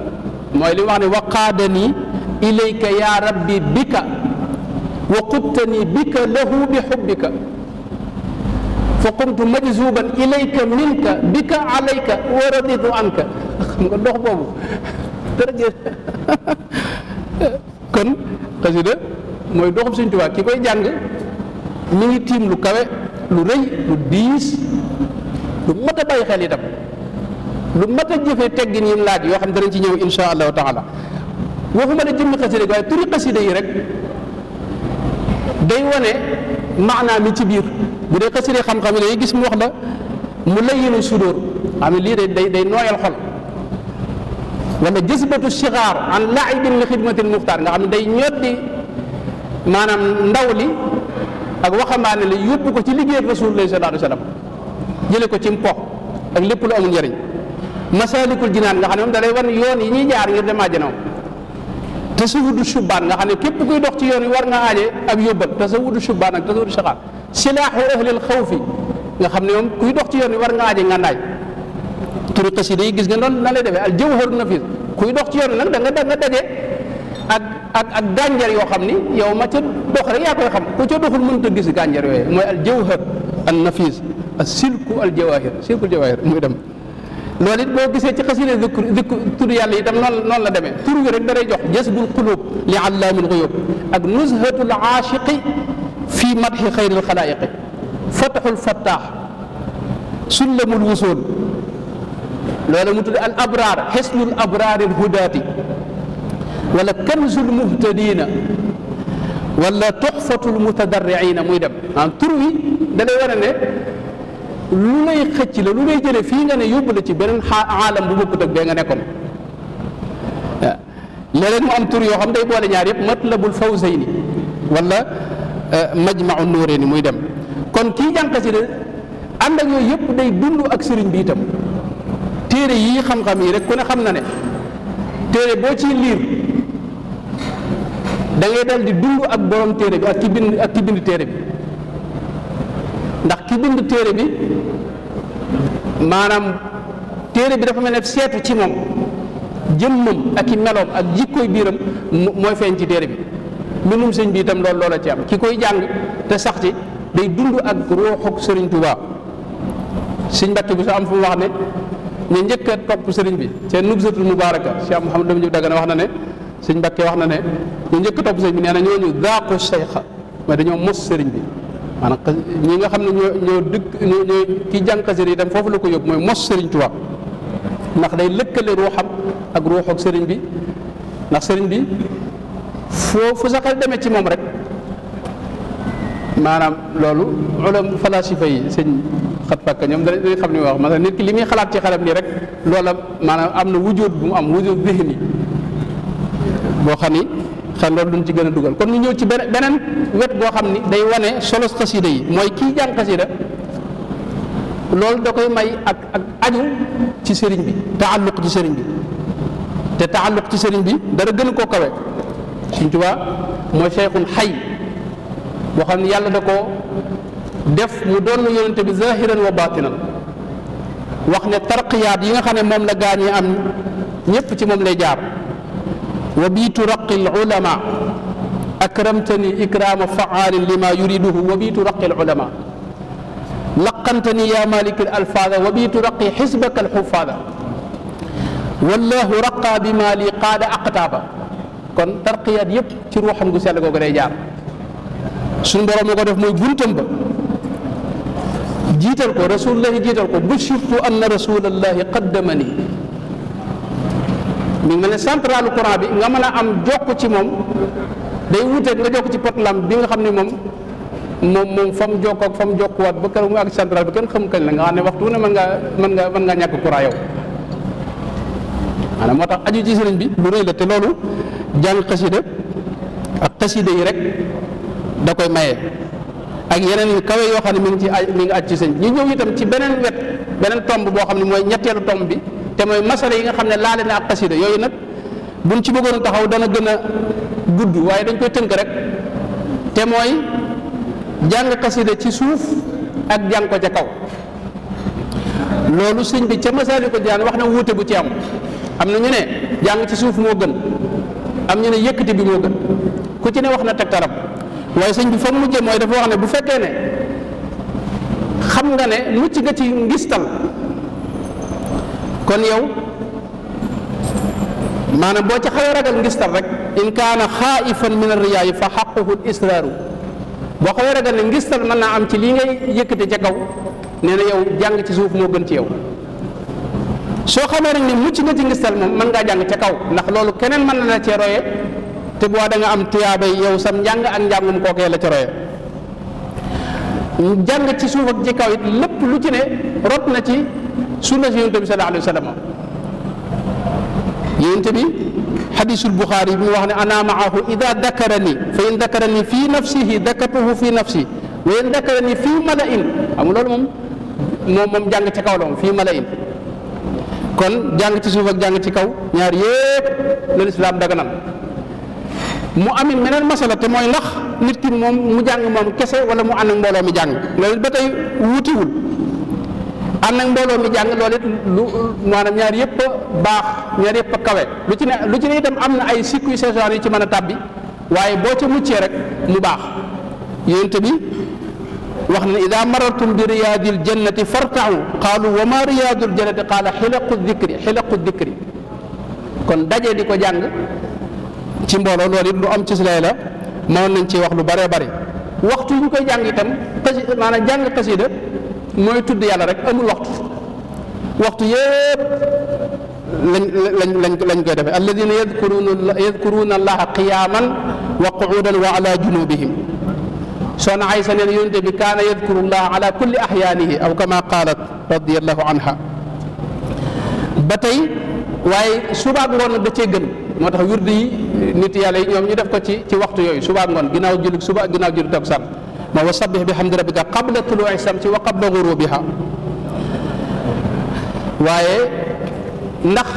mooy li wax ne waqaadani ilayka yaa rabbi bika wa qudtani bika lahu bi xubbika fa qumtu majzuban ilayka minka bika alayka wa raditu anka xam nga dox boobu dërëjëf kon xasida mooy doxub Sëriñ Tuubaa ki koy jàng mi ngi tiim lu kawe lu rëy lu diis lu mat a bàyyi xel dam lu mat a jëfee teggin yi laaj yoo xam danañ ci ñëw insha allahu taala waxuma ne jëmmi xasida waaye turi xasida yi rek day wane maanaa mi ci biir bu dee xasida xam-xam yi dañuy gis mu wax la mu layyinu sudóor xam ne lii day day day nooyal xol wala jësbatu sigaar an laibin li nga xam ne day ñoddi maanaam ndaw li ak waxambaane li yóbbu ko ci liggéey rasulullah sallallahu alayhi wa jële ko ci mpo ak lépp lu amul njëriñ masaalikul jinaan nga xam ne moom da lay war yoon yi ñuy jaar ngir dem àjjana tasawudu shubaan nga xam ne képp kuy dox ci yoon yi war nga aaje ak yóbbal tasawudu shubaan ak tasawudu shaqaar silaaxu ahlil xawfi nga xam ne moom kuy dox ci yoon yi war nga aaje ngàndaay turu xasida yi gis nga noonu na lay defee al jawharu nafis kuy dox ci yoon yi nag da nga da nga daje ak ak ak gànjar yoo xam ni yow ma ca dox rek yaa xam ku ca doxul mënut a gis gànjar yooyu mooy al jawhar an nafis ak silku al jawahir silku al jawahir muy dem loolu it boo gisee ci xasida dëkk dëkk tudd yàlla itam noonu noonu la demee tur wi rek daray jox jasbul qulub li allaamil xuyub ak nuzhatul aashiqi fii madxi xayril xalaayiqi fataxul fattaax sullamul wusul loolu mu tudd al abraar xesnul abraaril hudaati wala kanzul muhtadiina wala tuxfatul mutadarriina muy dem maanaam tur wi da lay wane ne lu lay xëcc la lu lay jëlee fii nga ne yóbbu la ci beneen aalam bu bokkut ak bee nga nekkoon léeg-léeg mu am tur yoo xam day boole ñaar yëpp matlabul fawzayni wala euh, majmau nuurayni muy dem kon kii jànq si de ànd ak yooyu yëpp day dund ak sëriñ bi itam téere yii xam-xam yi rek ku ne xam na ne téere boo ciy liir da ngay di dund ak borom téere bi ak ki bind ak ki bind téere bi ki bind téere bi maanaam téere bi dafa mel ne seetu ci moom jëmmam ak i meloom ak jikkooy biiram mooy feeñ ci téere bi mbindum sëñ bi itam loolu loola ci am ki koy jàng te sax ci day dund ak ruuxuk sëriñ Tuubaa sëñ Mbàkke bi su am fu mu wax ne ñu njëkk a topp sëriñ bi seen nubsatul mubaaraka Cheikh Mouhamadou Lamine Diouf Dagana wax na ne sëñ Mbàkke wax na ne ñu njëkk a topp sëriñ bi nee na ñooñu gaaqu seyxa ma dañoo mos sëriñ bi maanaam ñi nga xam ne ñoo dëkk ki jàng yi tam foofu la ko yóbbu mooy mos sëriñ Tuubaa ndax day lëkkale ruuxam ak ruux sëriñ bi ndax sëriñ bi foo fu sa demee ci moom rek maanaam loolu ulam falaasifa yi sëñ xat pàkk ñoom danañ xam ne wax ma nit ki li muy xalaat ci xalam nii rek loola maanaam am na wujjóot bu mu am wujjóot bihin yi boo xam ni xam loolu duñ ci gën a dugal kon ñu ñëw ci beneen wet goo xam ni day wane solo xasida yi mooy kii jàng xasida loolu da koy may ak ak aju ci sëriñ bi taalluq ci sëriñ bi te taalluq ci sëriñ bi dara gën koo kawe suñ Tuubaa mooy cheikhun xay boo xam ne yàlla da koo def mu doon yonente bi zahiran wa batinan wax ne tarqiyaat yi nga xam ne moom la gaañ yi am ñëpp ci moom lay jaar wa bii turaqi lulama akramtani ikrama faalin lima yuriduhu wa bii turaqi lulama laqantani ya malik alfada wa bii turaqi xisbaka alxufada wallahu raqa bi ma li qaada aqtaaba kon tarqiyaat yëpp ci ruuxam gu sell googu day jaar suñu borom moo ko def mooy buntam ba jiital ko rasulullahi jiital ko bushirtu anna rasulallahi qaddamani mi mel ne centralu courant bi nga mën a am jokk ci moom day wuuteeg nga jokk ci pot lampe bi nga xam ne moom moom moom fa mu jokkoo ak ba kër mu ak central bi kenn xamu kañ la nga xam ne waxtu ne mën ngaa mën mën ngaa ñàkk courant yow maanaam moo tax aju ci sëriñ bi bu rëy la te loolu jàng xasida ak xasida yi rek da koy maye ak yeneen yu kawe yoo xam ne mu ngi ci mi ngi aj ci sëñ ñu ñëw itam ci beneen wet beneen tomb boo xam ne mooy ñetteelu tomb bi te mooy masala yi nga xam ne laale na ak xasida yooyu nag buñ ci bëggoon taxaw dana gën a gudd waaye dañ koy tënk rek te mooy jàng xasida ci suuf ak jàng ko ca kaw loolu sëñ bi ca masaali ko jaan wax na wuute bu ci am am na ñu ne jàng ci suuf moo gën am ñu ne yëkkati bi moo gën ku ci ne wax na teg tegtalam waaye sëñ bi foog mujjee mooy dafa wax ne bu fekkee ne xam nga ne mucc nga ci ngistal kon yow maanaam boo ci xawee ragal ngistal rek in kaana xaaifan min arriyaayi fa xaquhu israaru boo xawee ragal ne ngistal man naa am ci lii ngay yëkkate ca kaw nee na yow jàng ci suuf moo gën ci yow soo xamee rek ne mucc nga ci ngistal moom man ngaa jàng ca kaw ndax loolu keneen mën na la cee roye te bu da nga am tiyaabay yow sam njàng ak njàngum kookee la ca roye jàng ci suuf ak ci kaw it lépp lu ci ne rot na ci sunna si yonent bi sallallahu alayhi wa sallam wax ne ana maahu ida dakarani fa in dakarani fi nafsihi dakartuhu fi nafsi wa in dakarani fi mala in xam loolu moom moom moom jàng ci kaw la moom fii mala in kon jàng ti suuf ak jàng ci kaw ñaar yëpp la lislaam daganal mu amit meneen masala te mooy ndax nit ki moom mu jàng moom kese wala mu ànd mbooloo mi jàng loolu ba tey wuutiwul am nag mbooloo mi jàng loolu it lu maanaam ñaar yëpp baax ñaar yëpp a kawe lu ci ne lu ci ne itam am na ay sikku saison yu ci mën a tàbbi waaye boo ca muccee rek mu baax yonent bi wax na ida marartum bi riyaadil jannati fartau qaalu wa ma riyaadul jannati qaala xilaqu dikri xilaqu dikri kon daje di ko jàng ci mbooloo loolu it lu am ci la mënoon nañ ci wax lu bare bare waxtu ñu koy jàng itam xasi maanaam jàng xasida mooy tudd yàlla rek amul waxtu waxtu yëpp lañ lañ lañ lañ koy defee alladina yadkuruna yadkuruna allaha qiyaman wa quudan wa ala junubihim soxna Aysa neen yonent bi kaana yadkuru llaha ala kulli axyaanihi aw kama qaalat radiallahu anha ba tey waaye subaak ngoon da cee gën moo tax wird yi nit yi ñoom ñu def ko ci ci waxtu yooyu subaak ngoon ginnaaw julli suba ginnaaw julli takkusaan mooy wa sabbih bihamdi rabbika qabla tuluu'i shamsi wa qabla ghurubiha waaye ndax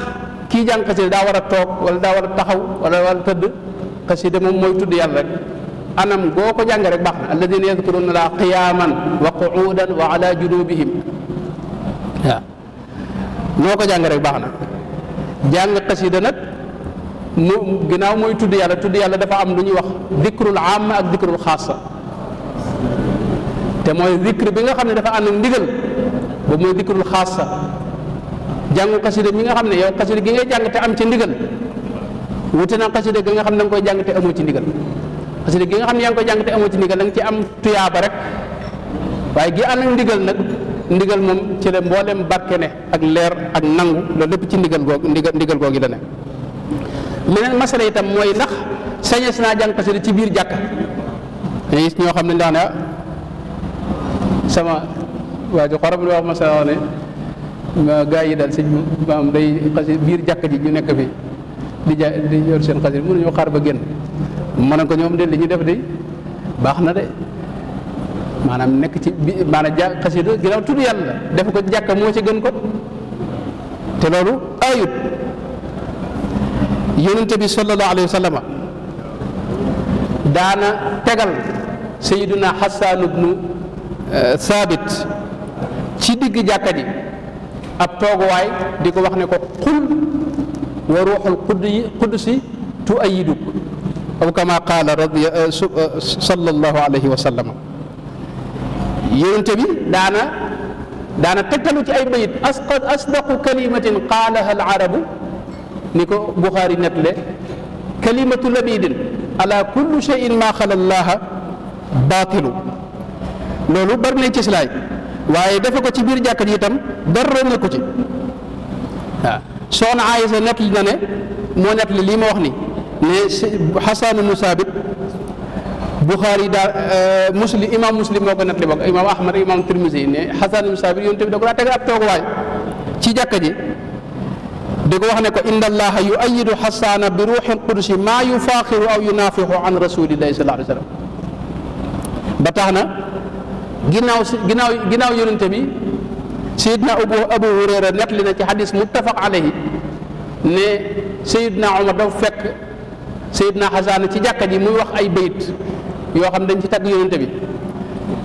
kii jàng xasida daa war a toog wala daa war a taxaw wala war a tëdd xasida moom mooy tudd yàlla rek anam goo ko jàngee rek baax na alladina yadkuruna la qiyaaman wa qu'udan wa ala junubihim waaw noo ko jàngee rek baax na jàng xasida nag mu ginnaaw mooy tudd yàlla tudd yàlla dafa am lu ñuy wax dikrul aam ak dikrul xaasa te mooy zikr bi nga xam ne dafa ànd ak ndigal boobu mooy zikrul xaasa jàngu xasida mi nga xam ne yow xasida gi ngay jàng te am ci ndigal wute na xasida gi nga xam ne da nga koy jàng te amoo ci ndigal xasida gi nga xam ne yaa ngi koy jàng te amoo ci ndigal da am tuyaaba rek waaye gi ànd ak ndigal nag ndigal moom ci la mboolem barke ne ak leer ak nangu la lépp ci ndigal googu ndigal ndigal googu la ne meneen masala itam mooy ndax sañes naa jàng xasida ci biir jàkka dañuy ñoo xam ne ndax ne sama waa ji xorom lu wax ma sa wax gaa yi daal sëñ maam day xasi biir jàkk ji ñu nekk fi di ja di yor seen xasi mënuñoo xaar ba génn mën ko ñoom de li ñu def de baax na de maanaam nekk ci bi maanaam ja xasida ginnaaw tudd yàlla def ko jàkka moo ci gën ko te loolu ayut yonent bi sallallahu alayhi wa daana tegal sayiduna xasaanu bnu Euh, saabit ci digg jàkka ji ab tooguwaay di ko wax ne ko xul wa ruuxul qudsi tu ayiduk aw kama qaala radi euh, euh, sallallahu alayhi wa sallam yonente bi daana daana tegtalu ci ay bayit asqad asdaqu kalimatin qaalaha al arabu ni ko buxaari netle kalimatu labidin ala kulli cheyin ma xala allaha baatilu loolu bari na cëslaay waaye defe ko ci biir jàkka ji itam dara nekku ci waaw soxna Aysa nettali na ne moo nettali lii ma wax ni ne Xasan ibnu Saabit Buxaari daa eh, muslim imaam muslim moo ko nettali bokk imaam Ahmad imaam Tirmisi ne Xasan ibnu Saabit yoon tamit da ko daa tegal ab tooguwaay ci jàkka ji di ko wax ne ko inna allaha yu ayidu xasaana bi ruuxil qudsi maa yufaaxiru aw yunaafiqu an rasulillahi sallallahu alayhi wa sallam ba tax na ginnaaw ginnaaw ginnaaw yonente bi sayidna abu abu hurayra nettali na ci xadis muttafaq alayhi ne sayidna omar dafa fekk sayidna xasaana ci jàkka ji muy wax ay bayit yoo xam dañ ci tagg bi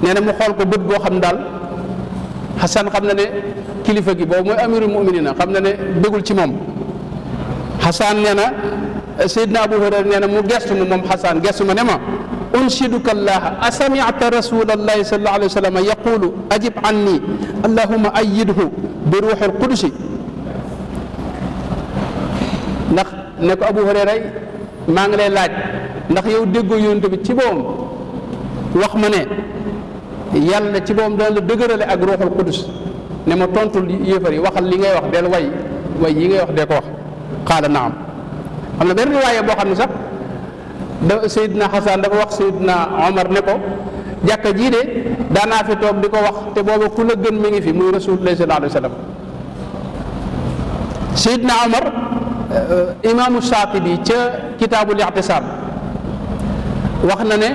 nee na mu xool ko bët boo xam daal xasan xam na ne kilifa gi boobu mooy amirul muminina xam na ne bëggul ci moom xasan nee na sayidna abu hurayra nee na mu gestu ma moom xasan gestu ma ne ma أنشدك الله أسمعت رسول الله صلى الله عليه وسلم يقول أجب عني اللهم أيده بروح القدس ndax ne ko Abu Hurayra maa ngi lay laaj ndax yow déggoo yonent bi ci boom wax ma ne yàlla ci boom dana la dëgërale ak ruuxul qudus ne ma tontul yéefar yi waxal li ngay wax del way way yi ngay wax dee ko wax qaala naam am na benn boo xam ne sax da Seydina Xasan dafa wax Seydina Omar ne ko jàkka jii de daanaa fi toog di ko wax te booba ku la gën mi ngi fi muy rasulullah sallallahu alayhi wa sallam Seydina Omar euh, imaamu Saatibi ca kitaabul ixtisaam wax na ne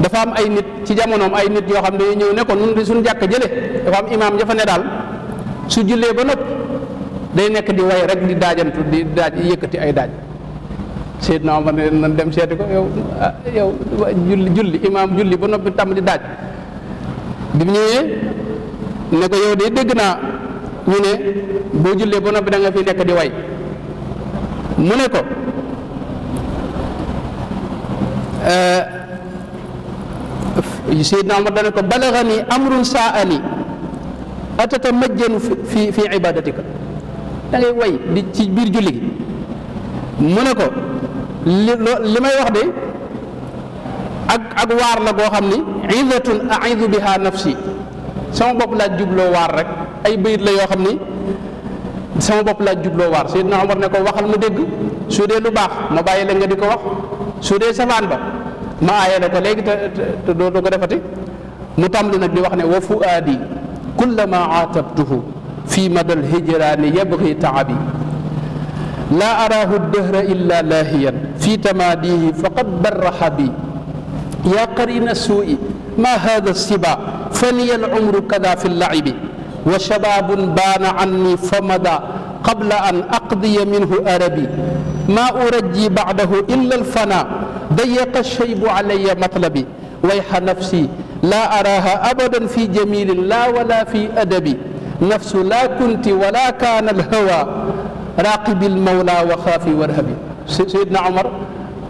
dafa am ay nit ci jamonoom ay nit yoo xam ne dañuy ñëw ne ko nun di suñ jàkk jële dafa am imaam jafa ne daal su jullee ba nopp day nekk di way rek di daajantu di daaj yëkkati ay daaj Seydina Omar ne nan dem seeti ko yow ah, yow julli julli imaam julli ba noppi tàmm di daaj bi ñëwee ne ko yow de dégg naa ñu ne boo jullee ba noppi da nga fi nekk di way mu ne ko eh, Seydina Omar dana ko balagani amrun saani atata majjanu fi fi ibadatika da ngay way di ci biir julli gi mu ne ko li li may wax de ak ak waar la goo xam ni izatun aidu biha nafsi sama bopp laa jubloo waar rek ay bayit la yoo xam ni sama bopp laa jubloo waar Seydina Omar ne ko waxal mu dégg su dee lu baax ma bàyyi la nga di ko wax su dee safaan ba ma aaye la ko léegi te doo ko defati mu tàmbali nag di wax ne wa fuaadi ma aatabtuhu fi madal hijraani yabgi taabi laa araahu dëhra illa laahiyan fi tamaadihi faqad barraxa bi yaa qarina suui maa hada siba faliya alcumru kada fi llacibi wa shabaabun baana anni famada qabla an aqdiya minhu arabi maa urajji bacdahu illa alfana dayaqa shaybu calaya matlabi wayxa nafsi laa araaha abadan fi jamilin laa wala fi adabi nafsu laa kunti wala kaana alhawa raqibil mawla wa xaafi warhabi sayidna omar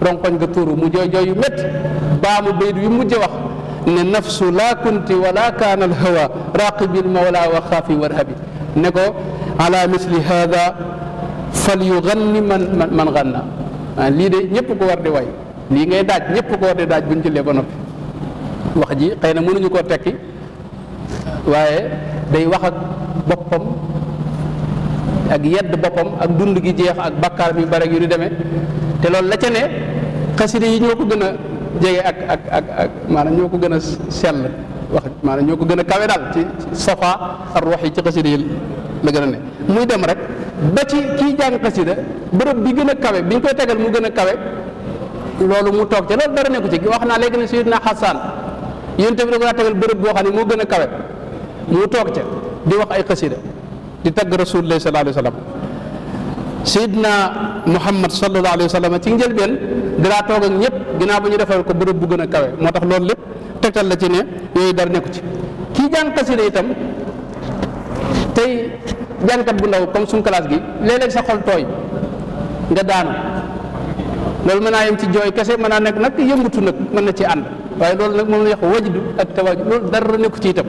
ronkoñ nga tuuru mu jooy jooy yu métti baamu bayit wi mujj wax ne nafsu laa kunti wala kaana alhawa raqibil mawla wa xaafi warhabi ne ko ala misli hada fal yuganni man man ganna ah, lii de ñëpp ko war di way lii ngay daaj ñépp ko war di daaj buñ jullee ba noppi wax ji xëy na mënuñu koo tekki waaye day wax boppam ak yedd boppam ak dund gi jeex ak bakkaar bi bare yu di demee te loolu la ca ne xasida yi ñoo ko gën a jege ak ak ak ak maanaam ñoo ko gën a sell wax maanaam ñoo ko gën a kawe daal ci safa ar wax yi ci xasida yi la gën a ne muy dem rek ba ci kiy jàng xasida bërëb bi gën a kawe bi ñu koy tegal mu gën a kawe loolu mu toog ca loolu dara ko ci wax naa léegi ne Sayyidina Xasaan yéen tamit da ko daa tegal bërëb boo xam ne moo gën a kawe mu toog ca di wax ay xasida di tagg rasulullah sallallahu alayhi wa sallam sayidna muhammad sallallahu alayhi wa sallam ci njëlbeen dinaa toog ak ñëpp ginnaaw bu ñu defal ko bërëb bu gën a kawe moo tax loolu lépp tegtal la ci ne yooyu dara nekku ci kii jàng xasida itam tey jàngkat bu ndaw comme suñu classe gi léeg-léeg sa xol tooy nga daanu loolu mën naa yem ci jooy kese mën naa nekk nag yëngutu nag mën na ci ànd waaye loolu nag moom la ñu wax wajdu ak tawaaju loolu dara nekku ci itam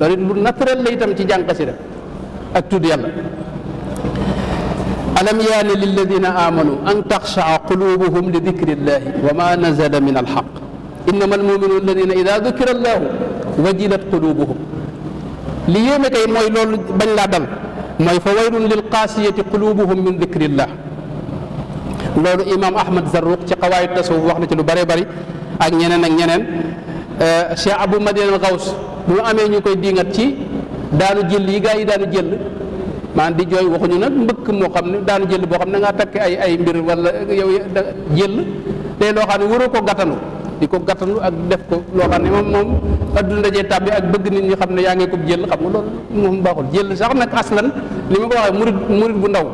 loolu lu naturel la itam ci jàng ak tudd yàlla alam yaane lilladina amanu an taxshaa qulubuhum li dicri illahi wa ma nazala min alxaq innama almuminuun alladina ida dukira allahu wajilat qulubuhum li yéeme kay mooy loolu bañ laa dal mooy fa waylun lil qaasiyati qulubuhum min dicrillah loolu imaam ahmad zarruq ci xawaayu tasawuf wax na ci lu bëree bëri ak ñeneen ak ñeneen cheikh abou madin al gaws bu mu amee ñu koy diingat ci daanu jël yi gaa yi daanu jël maanaam di jooy waxuñu nag mbëkk moo xam ne daanu jël boo xam ne da takk ay ay mbir wala yow da jël day loo xam ne waroo ko gàttanu di ko gàttanu ak def ko loo xam ne moom moom adduna dajee ak bëgg nit ñi xam ne yaa ngi ko jël xam nga loolu moom baaxul jël sax nag aslan li ma ko waxee murit murit bu ndaw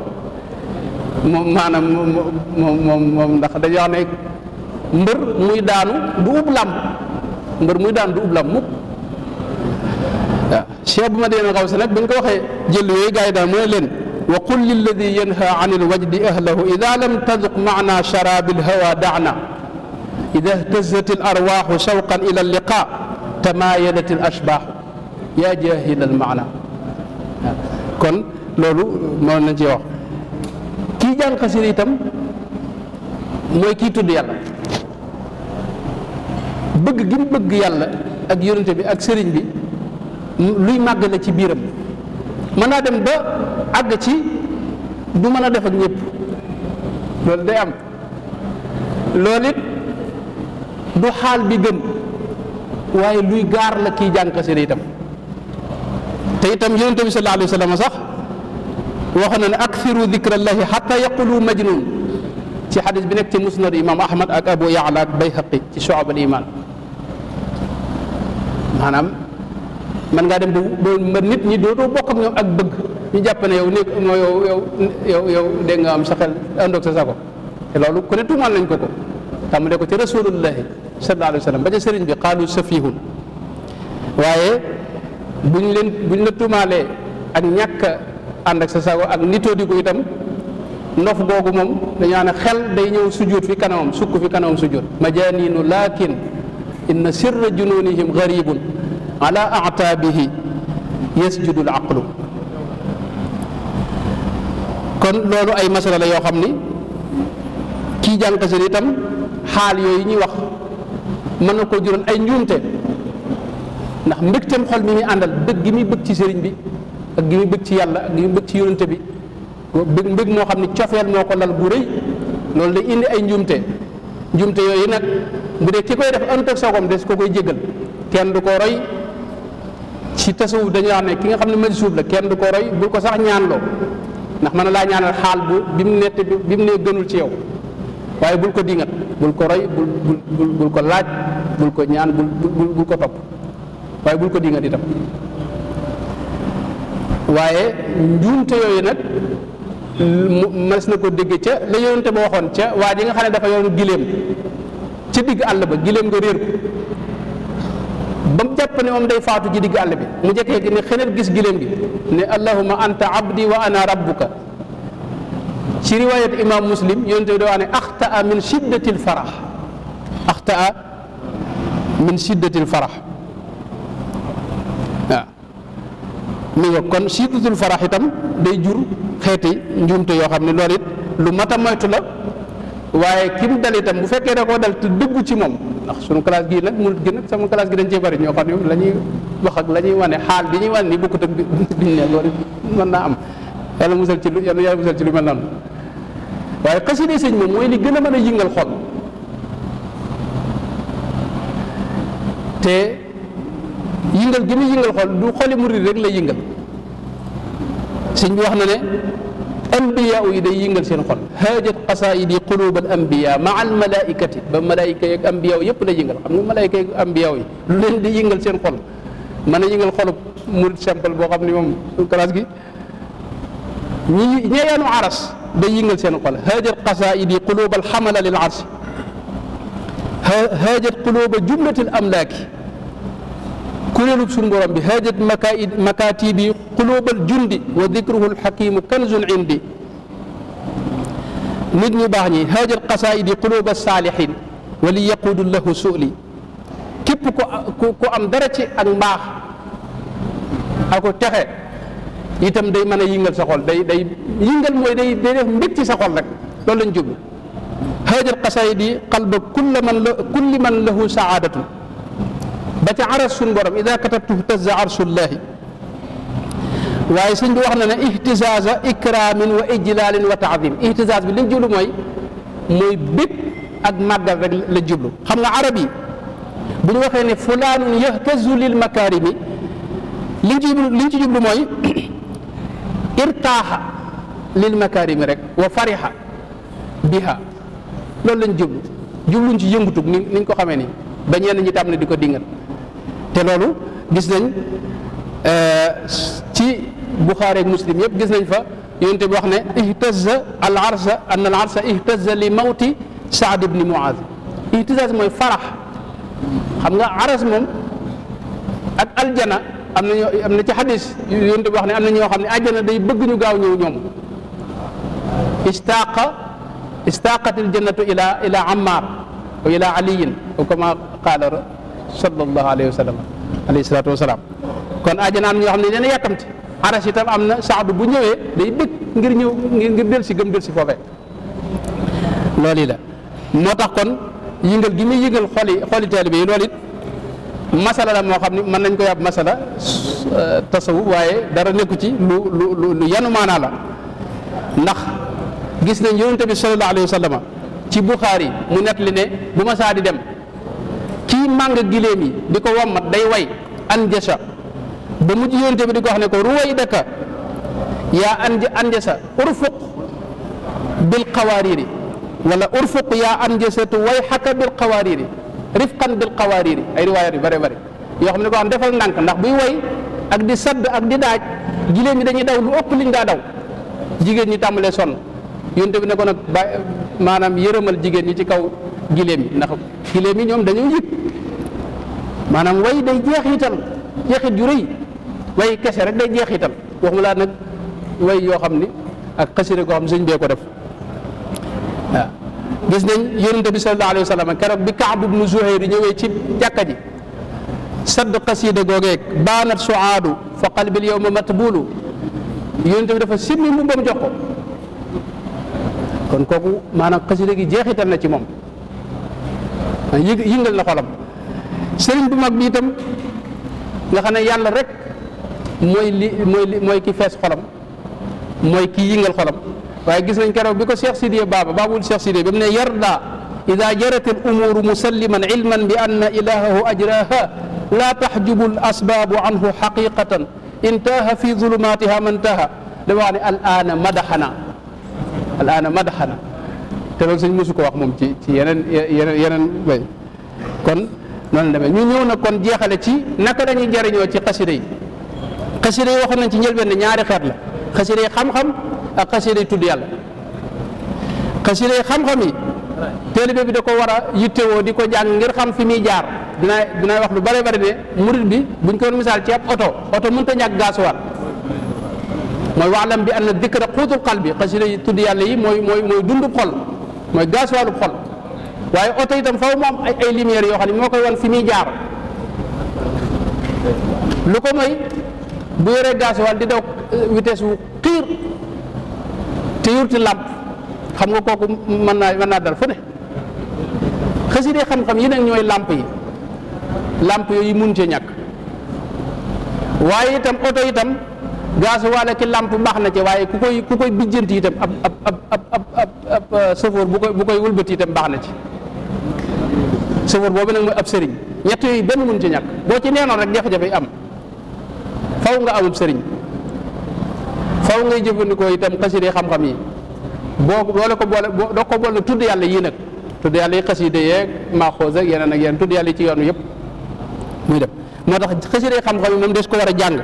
moom maanaam moom ndax dañoo wax ne mbër muy daanu du ub làmb mbër muy daanu du ub làmb mukk waaw cheikh bu ma dee na xaw si nag bi ñu ko waxee jël yooyu gars yi daal mu ne leen wa qul lilladi yanha an ilwajdi ahlahu ida lam tazuq maana sharabi lhawa daana ida ihtazat alarwaxu shawqan ila alliqa tamayadat alashbaxu yaa jahil almaana kon loolu moo nañ ci wax kii jàng xasida itam mooy kii tudd yàlla bëgg gi mu bëgg yàlla ak yonente bi ak sëriñ bi luy màggale ci biiram mën naa dem ba àgg ci du mën a def ak ñëpp loolu day am loolu it du xaal bi gën waaye luy gaar la kiy jàng xasida itam te itam yonente bi sallallahu alayhi wa sallam sax waxoon na ne akthiru dikrallahi xata yaqulu majnun ci bi nekk ci musnad imam ahmad ak abu yaala ak bayhaqi ci shu'ab al iman maanaam man ngaa dem ba ba nit ñi dootoo bokk ak ñoom ak bëgg ñu jàpp ne yow nekk moo yow yow yow yow nga am sa xel àndoog sa sago te loolu ku ne tuumaal nañ ko ko de ko ci rasulullahi sallallahu alayhi wa sallam ba ca sëriñ bi xaalu safihun waaye buñ leen buñ la tuumaalee ak ñàkk ànd ak sa sago ak nitoo di ko itam ndof googu moom dañoo ne xel day ñëw sujjóot fi kanamam sukk fi kanamam sujjóot majaaniinu laakin inna sirra junoonihim garibun ala aataabihi yasjudu al aqlu kon loolu ay masala la yoo xam ni kii jàng xasida itam xaal yooyu ñuy wax mën na koo jural ay njuumte ndax tam xol mi muy àndal bëgg gi muy bëgg ci sëriñ bi ak gi muy bëgg ci yàlla ak gi muy bëgg ci yonante bi bëgg mbëgg moo xam ne cofeel moo ko lal bu rëy loolu day indi ay njuumte njuumte yooyu nag bu dee ki koy def antoog soogom des ko koy jégal kenn du ko roy ci tasawuf dañu daan ne ki nga xam ne majsuub la kenn du ko roy bul ko sax ñaan loo ndax mën na laa ñaanal xaal bu bi mu nett bi mu nee gënul ci yow waaye bul ko dingat bul ko roy bul bul ko laaj bul ko ñaan bul bul ko topp waaye bul ko dingat itam waaye njuumte yooyu nag mënees na ko dégg ca la yonente ba waxoon ca waa ji nga xam ne dafa yoon giléem ca digg àll ba giléem nga réer ko ba mu jàpp ne moom day faatu ji digg àll bi mu jekkee gi ne xeneen gis giléem gi ne allahuma anta abdi wa ana rabbuka ci riwaayat imam muslim yonent bi da wax ne axtaa min shiddati l farax axtaa min shiddati l mi nga kon shiddatul farax itam day jur xeeti njuumte yoo xam ne loolu it lu mat a la waaye ki mu dal itam bu fekkee da koo dal te dëggu ci moom ndax suñu classe gii nag mënut gi sama classe gi dañ cee bari ñoo xam ne la ñuy wax ak la ñuy wane xaal bi ñuy wane ni bokkut ak biñ ne loolu mën naa am yàlla musal ci lu yàlla musal ci lu mel noonu waaye xasida sëñ moom mooy li gën a mën a yëngal xol te yëngal gi muy yëngal xol du xoli murid rek la yëngal sëñ bi wax na ne anbiya yi day yëngal seen xol haajat qasaidi qulub al anbiya maa al malaikati ba malaayika yeeg ambiya yëpp la yëngal xam nga malaayika yeeg ambiya yi lu leen di yëngal seen xol mën a yëngal xolub murid simple boo xam ne moom classe gi ñi ñeeyaanu aras day yëngal seen xol haajat qasaidi qulub al xamala lil arsi haajat quluba kuréelub suñ borom bi hajat makaid makaatibi quluubal jundi wa dikruhu alxakimu kanzun indi nit ñu baax ñi hajat qasaidi quluuba wa li yaqudu lahu suuli képp ku ku am dara ci ak mbaax ako texe itam day mën a yëngal sa day day yëngal mooy day day def mbég ci sa xol rek loolu lañ jublu man lahu saadatu ba ca aras suñ borom ida katabtu tazza arsullahi waaye sëñ bi wax na ne ihtisaaza ikraamin wa ijlaalin wa taadim ihtisaas bi liñ jublu mooy mooy bépp ak màggal rek la jublu xam nga arab yi bu ñu waxee ne fulaanun yahtazu lil makaarimi liñ ci jublu liñ ci jublu mooy irtaaxa lil makaarimi rek wa farixa biha loolu lañ jublu jubluñ ci yëngutug ni niñ ko xamee nii ba ñenn ñi tàmm di ko dingal te loolu gis nañ euh, ci Buxaari ak Muslim yëpp gis nañ fa yonent bi wax ne ihtaza al arsa an al arsa ihtaza li mawti Saad ibni Muaz ihtizaz mooy farax xam nga ars moom ak aljana am na am na ci xadis yonent bi wax ne am na ñoo xam ne aljana day bëgg ñu gaaw ñëw ñoom istaaqa istaaqat ila ila ammar ila aliyin wa kama qaala sallallahu alayhi wa sallam alayhi salaatu kon àjjana am na ñoo xam ne dina yàkkamti aras itam am na saadu bu ñëwee day bëgg ngir ñëw ngir del si gëm del si foofee loolu yi la moo tax kon yëngal gi muy yëngal xoli xoli taalibe yi loolu it masala la moo xam ne mën nañ ko yàpp masala euh, tasawu waaye dara nekku ci lu lu lu yanu maanaa la ndax gis nañ yonente bi sallallahu alayhi wa sallam ci Buxaari mu nett li ne bu ma saa di dem kii màng giléem yi di ko wommat day way anjasa ba mujj yonte bi di ko wax ne ko ruway daka yaa anj anjasa urfuq bil qawaariri wala urfuq yaa anjasatu way xaka bil qawaariri rifqan bil qawaariri ay riwaayat yu bare bare yoo xam ne ko xam defal ndànk ndax buy way ak di sadd ak di daaj giléem yi dañuy daw lu ëpp liñ daa daw jigéen ñi tàmbalee son yonte bi ne ko nag ba maanaam yërëmal jigéen ñi ci kaw giléem yi ndax giléem yi ñoom dañoo yëg maanaam way day jeexital jeexit ju rëy way kese rek day jeexital waxuma laa nag way yoo xam ni ak xasida goo xam sëñ bee ko def waaw gis nañ yonente bi sallallahu alayhi wa sallam keroog bi Kaab ibnu Zuhayr ñëwee ci jàkka ji sadd xasida googeeg baanat suaadu fa qalbil yowma matbulu yonente bi dafa simmi mu ba mu jox ko kon kooku maanaam xasida gi jeexital na ci moom yë yëngal na xolam sëriñ bu mag bi itam nga xam ne yàlla rek mooy li mooy li mooy ki fees xolam mooy ki yëngal xolam waaye gis nañ keroog bi ko Cheikh Sidiye Baba baabul Cheikh Sidiye ba mu ne yarda ida jarat al umuru musalliman ilman bi anna ilahahu ajraha laa taxjubu al asbaabu anhu xaqiqatan intaha fi zulumatiha mantaha dafa wax ne al aana madaxana al aana madaxana te loolu sëñ mosu ko wax moom ci ci yeneen yeneen yeneen kon noonu demee ñu ñëw na kon jeexale ci naka dañuy jariñoo ci xasida yi xasida yi waxoon nañ ci njëlbeen ñaari xeet la xasida yi xam-xam ak xasida yi tudd yàlla xasida yi xam-xam yi taalibe bi da ko war a yittewoo di ko jàng ngir xam fi muy jaar dinaa dinaa wax lu bare bare ne murit bi buñ ko doon misaal ci ab oto oto mënut a ñàkk gaasuwaat mooy waalam bi am na dikra xuutul xal bi xasida yi tudd yàlla yi mooy mooy mooy dund mooy gaasuwaalu xol waaye oto itam faw mu ay ay yoo xam ne moo koy wan fi muy jaar lu ko mooy bu yoree gaasuwaal di daw euh, vitesse wu xiir te yurti làmp xam nga kooku mën naa mën naa dal fu ne xasida xam-xam yi nag ñooy làmp yi làmp yooyu mun ci ñàkk waaye itam oto itam gaasuwaale ki làmp baax na ci waaye ku koy ku koy bijjanti itam ab ab ab ab ab ab sëfoor uh, bu koy bu koy baax na ci sëfoor boobu nag mooy ab sëriñ ñett benn mun ci ñàkk boo ci neenoon rek jafe-jafe am faw nga amub sëriñ faw ngay jëfandikoo itam xaside xam-xam yi boo boole ko boole doo ko boole tudd yàlla yii nag tudd yàlla yi xaside yeeg maaxoos yeneen ak yeneen tudd yàlla yi ci yoonu yëpp muy dem moo tax xaside xam-xam yi moom des ko war a jàng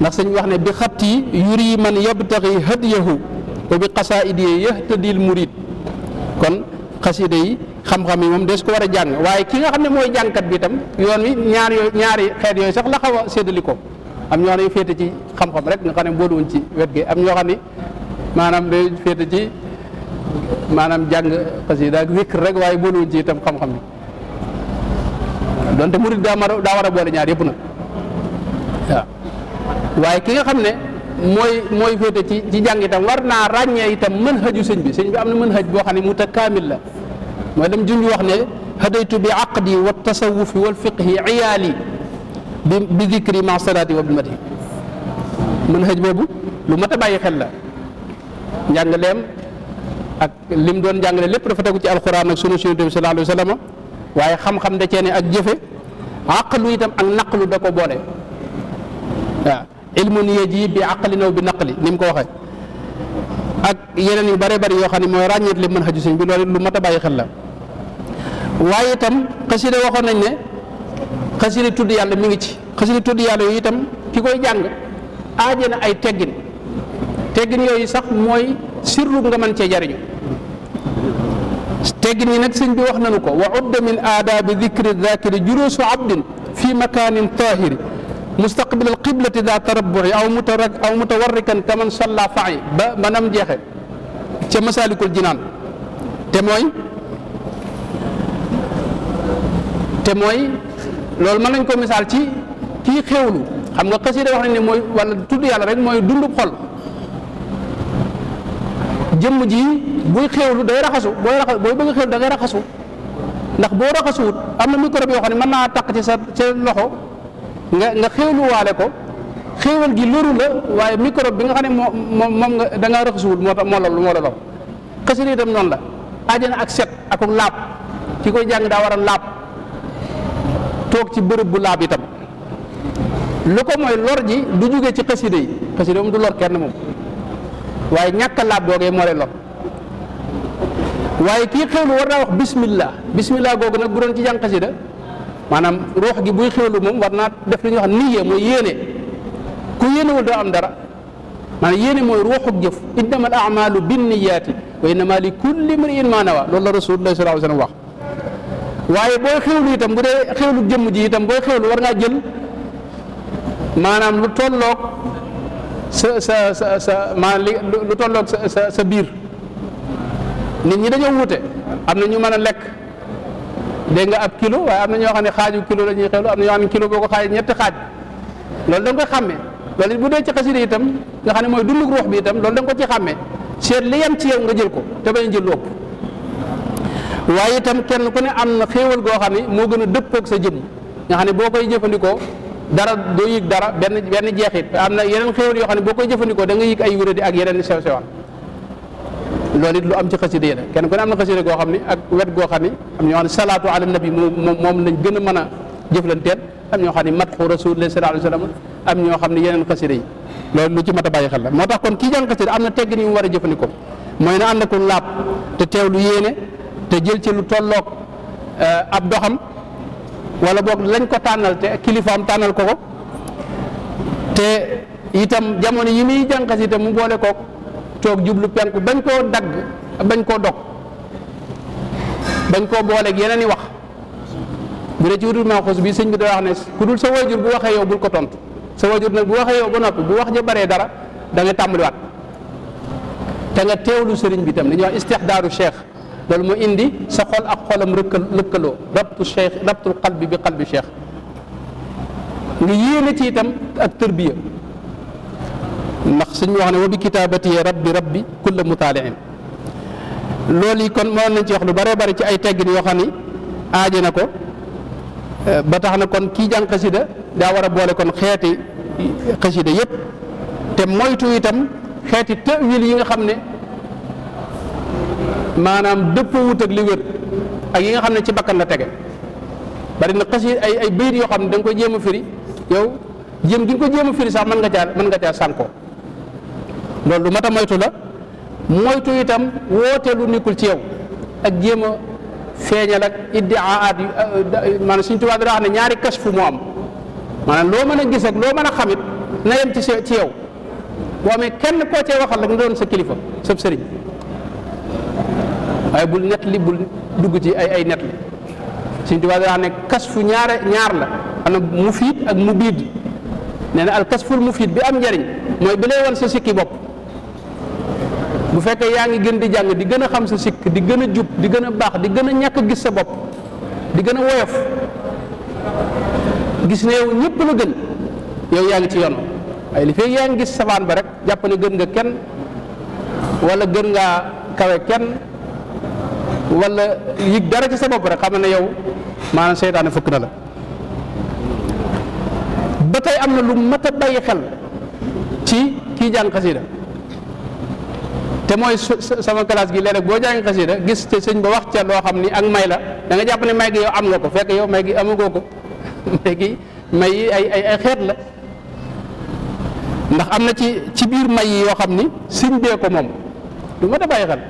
ndax sëñ wax ne bi xat yi yuri man yabtaxi hadiyahu wa bi xasaayid yi yahtadil murid kon xasida yi xam-xam yi moom des ko war a jàng waaye ki nga xam ne mooy jàngkat bi yoon wi ñaar yooyu ñaari xeet yooyu sax la xaw a séddali ko am ñoo xam ne féete ci xam rek nga xam ne booluwoon ci wet gi am ñoo xam ne maanaam day féete ci maanaam jàng xasida ak zikr rek waaye booluwoon ci itam xam-xam bi donte murid daa war a boole ñaar yëpp nag waaw. waaye ki nga xam ne mooy mooy féete ci ci jàng itam war naa ràññee itam mën xëju sëñ bi sëñ bi am na mën xëj boo xam ne mu takaamil la mooy dem junj wax ne hadaytu bi aqdi wa tasawufi wal fiqhi iyaali bi ma salaati wa bilmati mën xëj boobu lu mat a bàyyi xel la njàngaleem ak lim doon njàngale lépp dafa tegu ci alxuraan ak sunu sunnatu bi sallallahu alayhi waaye xam-xam da cee ne ak jëfe aqlu itam ak naqlu da ko boole waaw ilmun yaji bi aqlin aw bi naqli ni mu ko waxee ak yeneen yu bare bari yoo xam ne mooy ràññeet li mën xaju sëñ bi loolu lu mat a bàyyi xel la waaye itam xasida waxoon nañ ne xasida tudd yàlla mi ngi ci xasida tudd yàlla yooyu itam ki koy jàng aaje na ay teggin teggin yooyu sax mooy sirru nga mën cee jariñu teggin yi nag sëñ bi wax nanu ko wa udda min aadaabi dikri dakiri juruusu abdin fi makaanin taahiri mustaqbil al qiblati daa tarabbuci aw mutarak aw mutawarrikan kaman salla fa'i ba manam jeexe ca masaalikul jinaan te mooy te mooy loolu mën nañ ko misaal ci kii xéewlu xam nga xasida wax nañ ne mooy wala tudd yàlla rek mooy dundub xol jëmm ji buy xéewlu day raxasu booy raxas booy bëgg xéewlu da raxasu ndax booy raxasuwut am na microbe yoo xam ne mën naa taq ci sa loxo nga nga xéewluwaale ko xéewal gi loru la waaye microbe bi nga xam ne moom moom nga danga ngaa rëxasuwul moo tax moo la moo la law xasida itam noonu la àjjana ak set ak laab ki koy jàng daa war a laab toog ci bërëb bu laab itam lu ko mooy lor ji du jóge ci xasida yi xasida moom du lor kenn moom waaye ñàkk a laab doogee moo lay lor waaye kii xéewlu war naa wax bismillah bismillah googu nag bu doon ci jàng xasida maanaam ruux gi buy xéwlu moom war naa def li ñuy wax niyya mooy yéene ku yéenewul doo am dara maanaam yéene mooy ruuxuk jëf innama al amalu binniyaati wa innama li kulli mriin ma nawa loolu la rasulullah sallallahu alayhi wasallam wax waaye booy xéwlu itam bu dee xéwlu jëmm ji itam booy xéwlu war ngaa jël maanaam lu tolloog sa sa sa sa maanaam lu tolloog sa sa biir nit ñi dañoo wuute am na ñu mën a lekk dégg nga ab kilo waaye am na ñoo xam ne xaaju kilo la ñuy xewlu am na ñoo xam ne kilo boo ko xaaj ñetti xaaj loolu da nga koy xàmme loolu bu dee ci xasida itam nga xam ne mooy dundug ruux bi itam loolu da nga ko ci xàmme seet li yem ci yow nga jël ko te bañ jël lu ëpp waaye itam kenn ku ne am na xéewal goo xam ne moo gën a dëppoog sa jëmm nga xam ne boo koy jëfandikoo dara doo yëg dara benn benn jeexit am na yeneen xéewal yoo xam ne boo koy jëfandikoo da ay wéradi ak yeneen sew sewal loolu it lu am ci xasida yi la kenn kon ne am na xasida goo xam ne ak wet goo xam ne am ñoo xam ne salaatu ala nabi moom moom lañ gën a mën a jëflanteel am ñoo xam ne matxu rasulillah sallallahu alayhi wasallam am ñoo xam ne yeneen xasida yi loolu lu ci mat a bàyyi xel la moo tax kon kii jàng xasida am na tegg ni mu war a jëfandikoo mooy na ànd ak lu laab te teew lu yéene te jël ci lu tolloog eh, ab doxam wala boog lañ ko tànnal te kilifaam tànnal ko ko te itam jamono yi muy jàng xasida mu boole kook toog jublu penku bañ koo dagg bañ koo dog bañ koo booleeg yeneen i wax bu dee ci wutul manxuus bi sëñ bi da wax ne ku dul sa waajur bu waxee yow bul ko tontu sa waajur nag bu waxee yow ba noppi bu wax ja baree dara danga nga tàmbaliwaat te nga teewlu sëriñ bi tam li ñuy wax istixdaaru cheikh loolu mu indi sa xol ak xolam rëkkal lëkkaloo rabtu cheikh rabtul qalbi bi qalbi cheikh nga yéene ci itam ak tërbiya ndax suñ wax ne wa bi kitaabati rabbi rabbi kulla mutaaliin loolu yi kon mënoon nañ ci wax lu bare bare ci ay teggin yoo xam ni aaje na ko eh, ba tax na kon kii jàng xasida daa war a boole kon xeeti xasida yépp te moytu itam xeeti tawil yi nga xam ne maanaam dëppoo wut ak li wér ak yi nga xam ne ci bakkan la tege bari na xasida ay ay bayit yoo xam ne da nga koy jéem firi yow jéem gi nga ko jéem a firi sax mën nga caa mën nga caa sànkoo loolu lu mat a moytu la moytu itam woote lu nekkul ci yow ak jéem a feeñal ak iddiaat euh, maanaam suñ tubaab bi daa ne ñaari kashfu moo am maanaam loo mën a gis ak loo mën a xamit na yem ci ci yow boo amee kenn koo cee waxal sa kilifa sab sëriñ waaye bul net ci ay ay net li suñ tubaab ñaar la am na mufiid ak mubiid nee na al kashful mufiid bi am njariñ mooy bi lay wan sa sikki bopp bu fekkee yaa ngi gën di jàng di gën a xam sa sikk di gën a jub di gën a baax di gën a ñàkk gis sa bopp di gën a woyof gis ne yow ñëpp la gën yow yaa ngi ci yoon waaye li fekk yaa ngi gis sabaan ba rek jàpp ne gën nga kenn walla gën ngaa kawe kenn wala yëg dara ci sa bopp rek xam na yow maanaam seytaane fëkk na la ba tey am na lu mat a bàyyi xel ci kii jàng xasida te mooy sama classe gi léeg-léeg boo jàngi xasida gis te sëñ ba wax ca loo xam ni ak may la da jàpp ne may gi yow am nga ko fekk yow may gi amagoo ko may gi may yi ay ay xeet la ndax am na ci ci biir may yi yoo xam ni sëñ bee ko moom du ma da bàyyi xel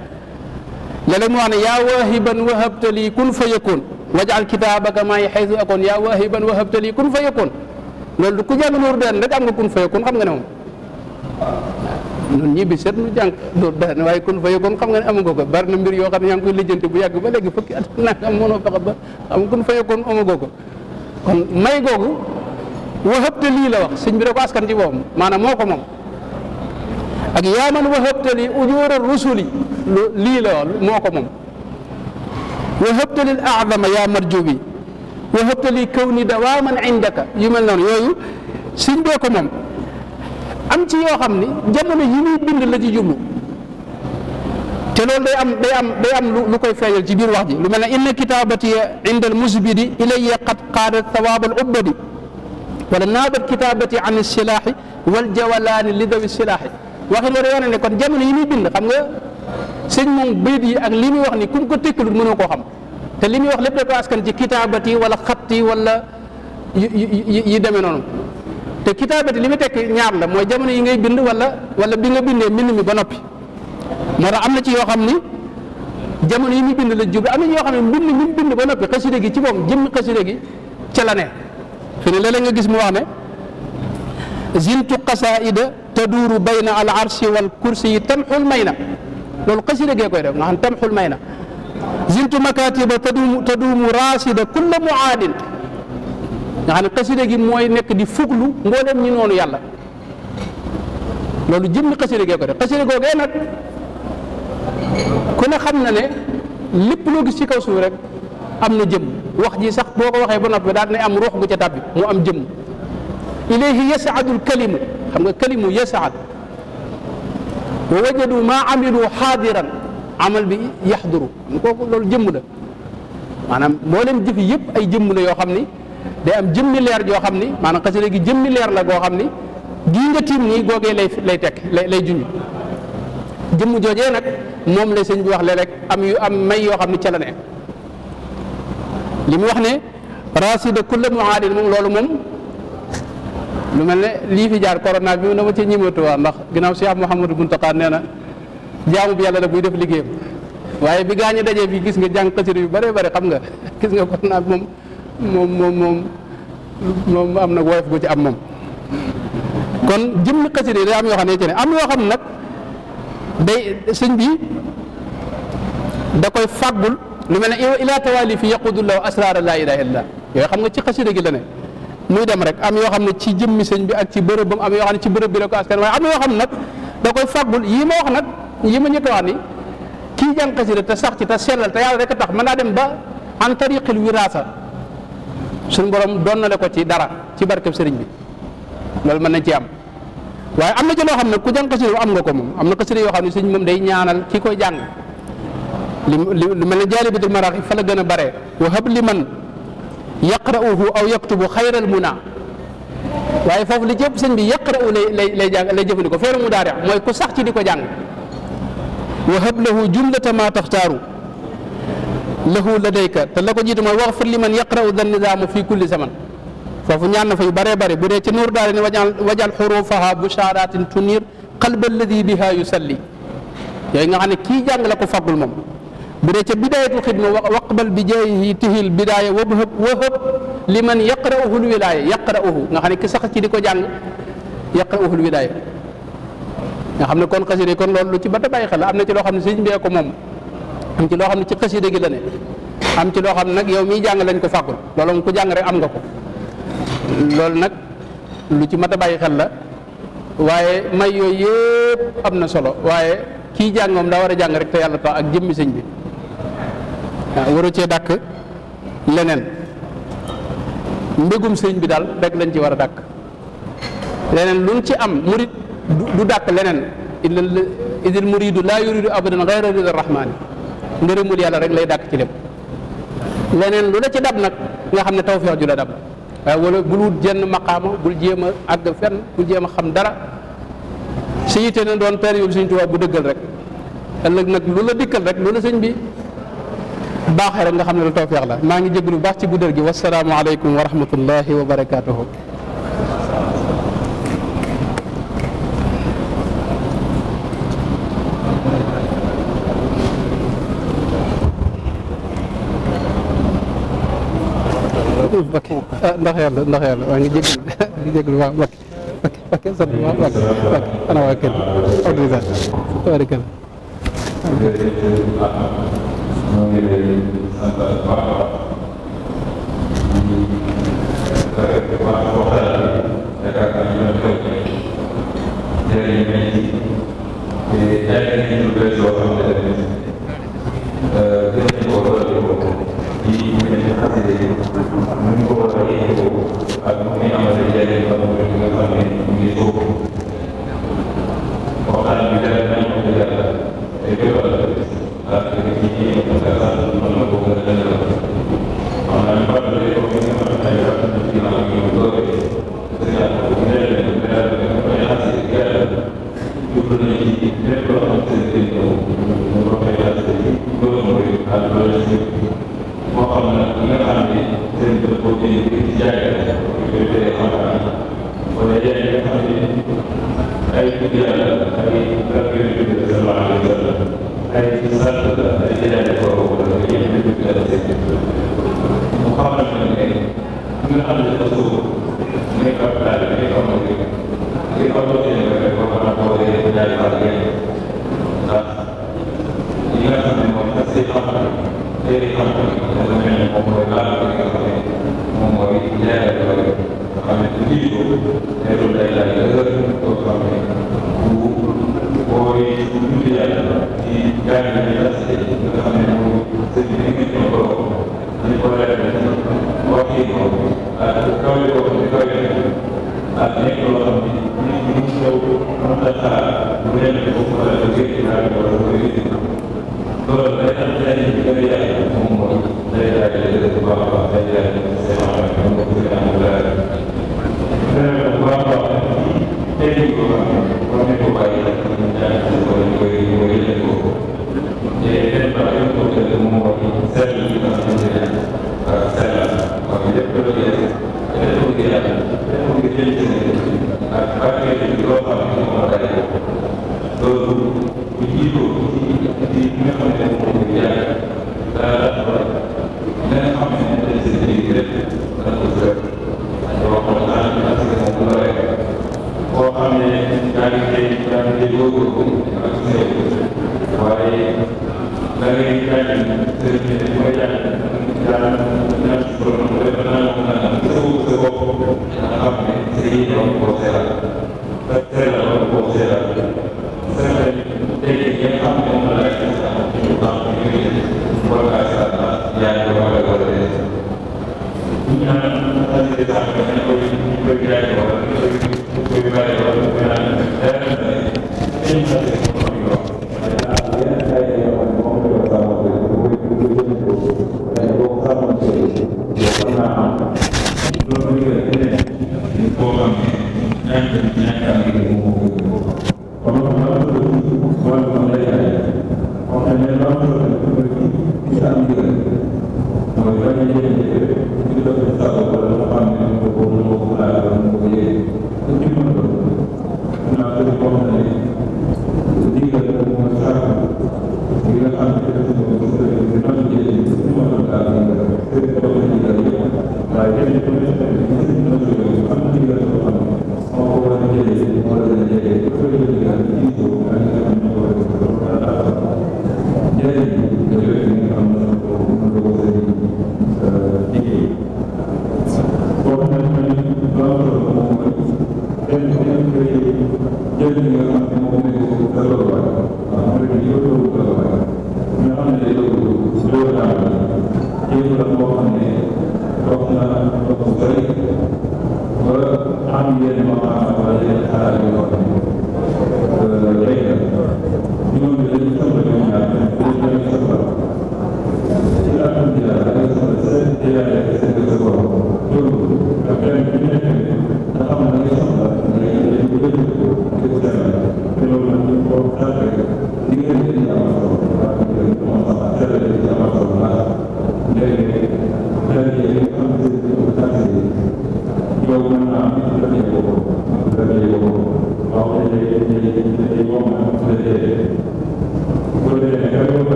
léeg-léeg mu wax ne yaa waahiban wahabtali kun fa yakun wajal kitaabaka maay xaysu akoon yaa waahiban wahabtali kun fa yakun loolu du ku jàng nuur den rek am nga kun fa yakun xam nga ne moom ñun ñii bi seet nu jànk loolu daan waaye kon fa yeggoon xam nga ne amagoo ko bari na mbir yoo xam ne yaa ngi koy bu yàgg ba léegi fukki at nangam mënoo fexe ba xam ko kon may googu waxabte lii la wax sëñ bi da ko askan ci moo ko moom ak yaaman waxabte li ujuura rusuli lii la wax moo ko moom waxabte lil aadama yaa marjubi waxabte li kaw ni dawaaman indaka yu mel noonu yooyu sëñ bee ko moom am ci yoo xam ni jamono yi muy bind la ci jublu te loolu day am day am day am lu koy feeñal ci biir wax ji lu mel ne inna kitaabati inda al musbidi ilayya qad qaadat thawaab al ubbadi wala naabat kitaabati an silaaxi wal jawalaani li dawi silaaxi waxi loolu yoone ne kon jamono yi muy bind xam nga sëñ moom yi ak li muy wax ni ku mu ko tekkalut mënoo koo xam te li muy wax lépp da ko askan ci kitaabati wala xatti wala yi demee noonu te kitaabati li mu tekk ñaar la mooy jamono yi ngay bind wala wala bi nga bindee mbind mi ba noppi moo tax am na ci yoo xam ni jamono yi mu bind la jublu am na yoo xam ne mbind mi bind ba noppi xasida gi ci moom jëmm xasida gi ca la ne fi ne léeg-léeg nga gis mu wax ne zintu qasaida taduuru bayna al arshi wal kursi yi tamxul may na loolu xasida gee koy def nga xam tamxul may na zintu makatiba taduumu taduumu raasida kulla muaadin nga xam ne xasida gi mooy nekk di fuglu mbooleem ñi noonu yàlla loolu jëmm xasida gee ko def xasida googee nag ku ne xam na ne lépp loo gis ci kaw suuf rek am na jëm wax ji sax boo ko waxee ba noppi daal na am ruux gu ca tàbbi mu am jëm ilayhi yasaadul kalimu xam nga kalimu yasaad wa wajadu maa amilu xaadiran amal bi yaxduru kooku loolu jëmm la maanaam mbooleem jëf yëpp ay jëmm la yoo xam ni day am jëmmi leer joo xam ni maanaam xasida gi jëmmi leer la goo xam ni gii nga tiim nii googee lay lay tekk lay lay junj jëmm joojee nag moom la sëñ bi wax le rek am yu am may yoo xam ni ca la ne li mu wax ne rasida kulla muaadin moom loolu moom lu mel ne lii fi jaar corona bi na ma ci ñimatu waa ndax ginnaaw Cheikh Mouhamadou Mountakha nee na jaamu bi yàlla la buy def liggéeyam waaye bi gaañu dajee bi gis nga jàng xasida yu bare bare xam nga gis nga corona bi moom moom moom moom moom am na woyof gu ci am moom kon jëmm xasida yi day am yoo xam ne ci ne am yoo xam nag day sëñ bi da koy fàggul lu mel ne ila tawali fi yaqudullahu asrara la ilaha illallah yooyu xam nga ci xasida gi muy dem rek am yoo xam ne ci jëmmi sëñ bi ak ci bërëb bam am yoo xam ne ci bërëb bi la ko askan waaye am yoo xam nag da koy fàggul yii ma wax nag yii ma ñëkk a wax ni kii jàng xasida te sax ci te sellal ta yàlla rek a tax mën naa dem ba an tariqil wirasa suñ borom donnale ko ci dara ci barkeb sëriñ bi loolu mën nañ ci am waaye am na ci loo xam ne ku jàng xasida am nga ko moom am na xasida yoo xam ne sëriñ moom day ñaanal kii koy jàng li lu mel ne ma maraaxib fa la gën a bare wa hab li man yaqra'uhu aw yaktubu xayral muna waaye foofu li jëpp sëñ bi yaqra'u lay lay lay jàng lay jëfandikoo feeru mu daari mooy ku sax ci di ko jàng wa hab lahu jumlata ma taxtaaru lahu ladayka te la ko jiitu mooy wax fir li man yaqra'u dan nizaamu fi kulli zaman foofu ñaan na fa yu bëree bëri bu dee ci nuur daal ne wajal wajal xurufaha busharatin tunir qalba alladi biha yusalli yooyu nga xam ne kii jàng la ko faggul moom bu dee ca bidaayatul xidma waqbal bi jaayihi tihil bidaaya wabhab wahab li man yaqra'uhu lwilaaya yaqra'uhu nga xam ne ki sax ci di ko jàng yaqra'uhu lwilaaya nga xam ne kon xasida kon loolu lu ci ba ta bàyyi xel am na ci loo xam ne sëñ bee ko moom am ci loo xam ne ci xasida gi la ci loo xam nag yow miy jàng lañ ko fàggul loolu moom ku jàng rek am nga ko loolu nag lu ci mat a bàyyi xel la waaye may yooyu yëpp am na solo waaye kii jàng moom daa war a jàng rek te yàlla tax ak jëmmi sëñ bi waaw waru cee dàkk leneen ndegum sëñ bi daal rek lañ ci war a dàkk leneen luñ ci am murid du dàkk leneen idil muridu laa yuridu abadan gayra rida rahmaani ngërëmul yàlla rek lay dàkk ci lépp leneen lu la ci dab nag nga xam ne tawfeex ju la dab waaye wala bul wut jenn maqaama bul jéem a àgg fenn bul jéem a xam dara si yitte na doon per yóbbu Sëñ Tuubaa bu dëggal rek ëllëg nag lu la dikkal rek lu la sëñ bi baax rek nga xam ne lu tawfeex la maa ngi jégalu lu baax ci guddal gi wa wasalaamu aleykum wa rahmatullahi wa barakaatuhu Mbakke ndax yàlla ndax yàlla waa ngi jégalu ngi jégalu waaw Mbakke Mbakke Mbakke sant waaw Mbakke Mbakke ana waa kër organisation tabarikala jërëjëf ci benn xasida yi nu ñu ko war a yëngoo ak nu muy amale njëriñ ba mu nga xam ne ñu ngi jóg waxtaan bi dara nañ ko yàlla te béppal ndax dëgg ci ñi parce que sax mën na ko gën a dëgëral maanaam ñu fàttali ko ñu nga xam ne ay fàttali ci ginnaaw ñu doole te yàlla bu ñu leen leen dara dafa xasida yàlla jublu na ci lépp loo li nga xam ne seen dëppoo ci jaay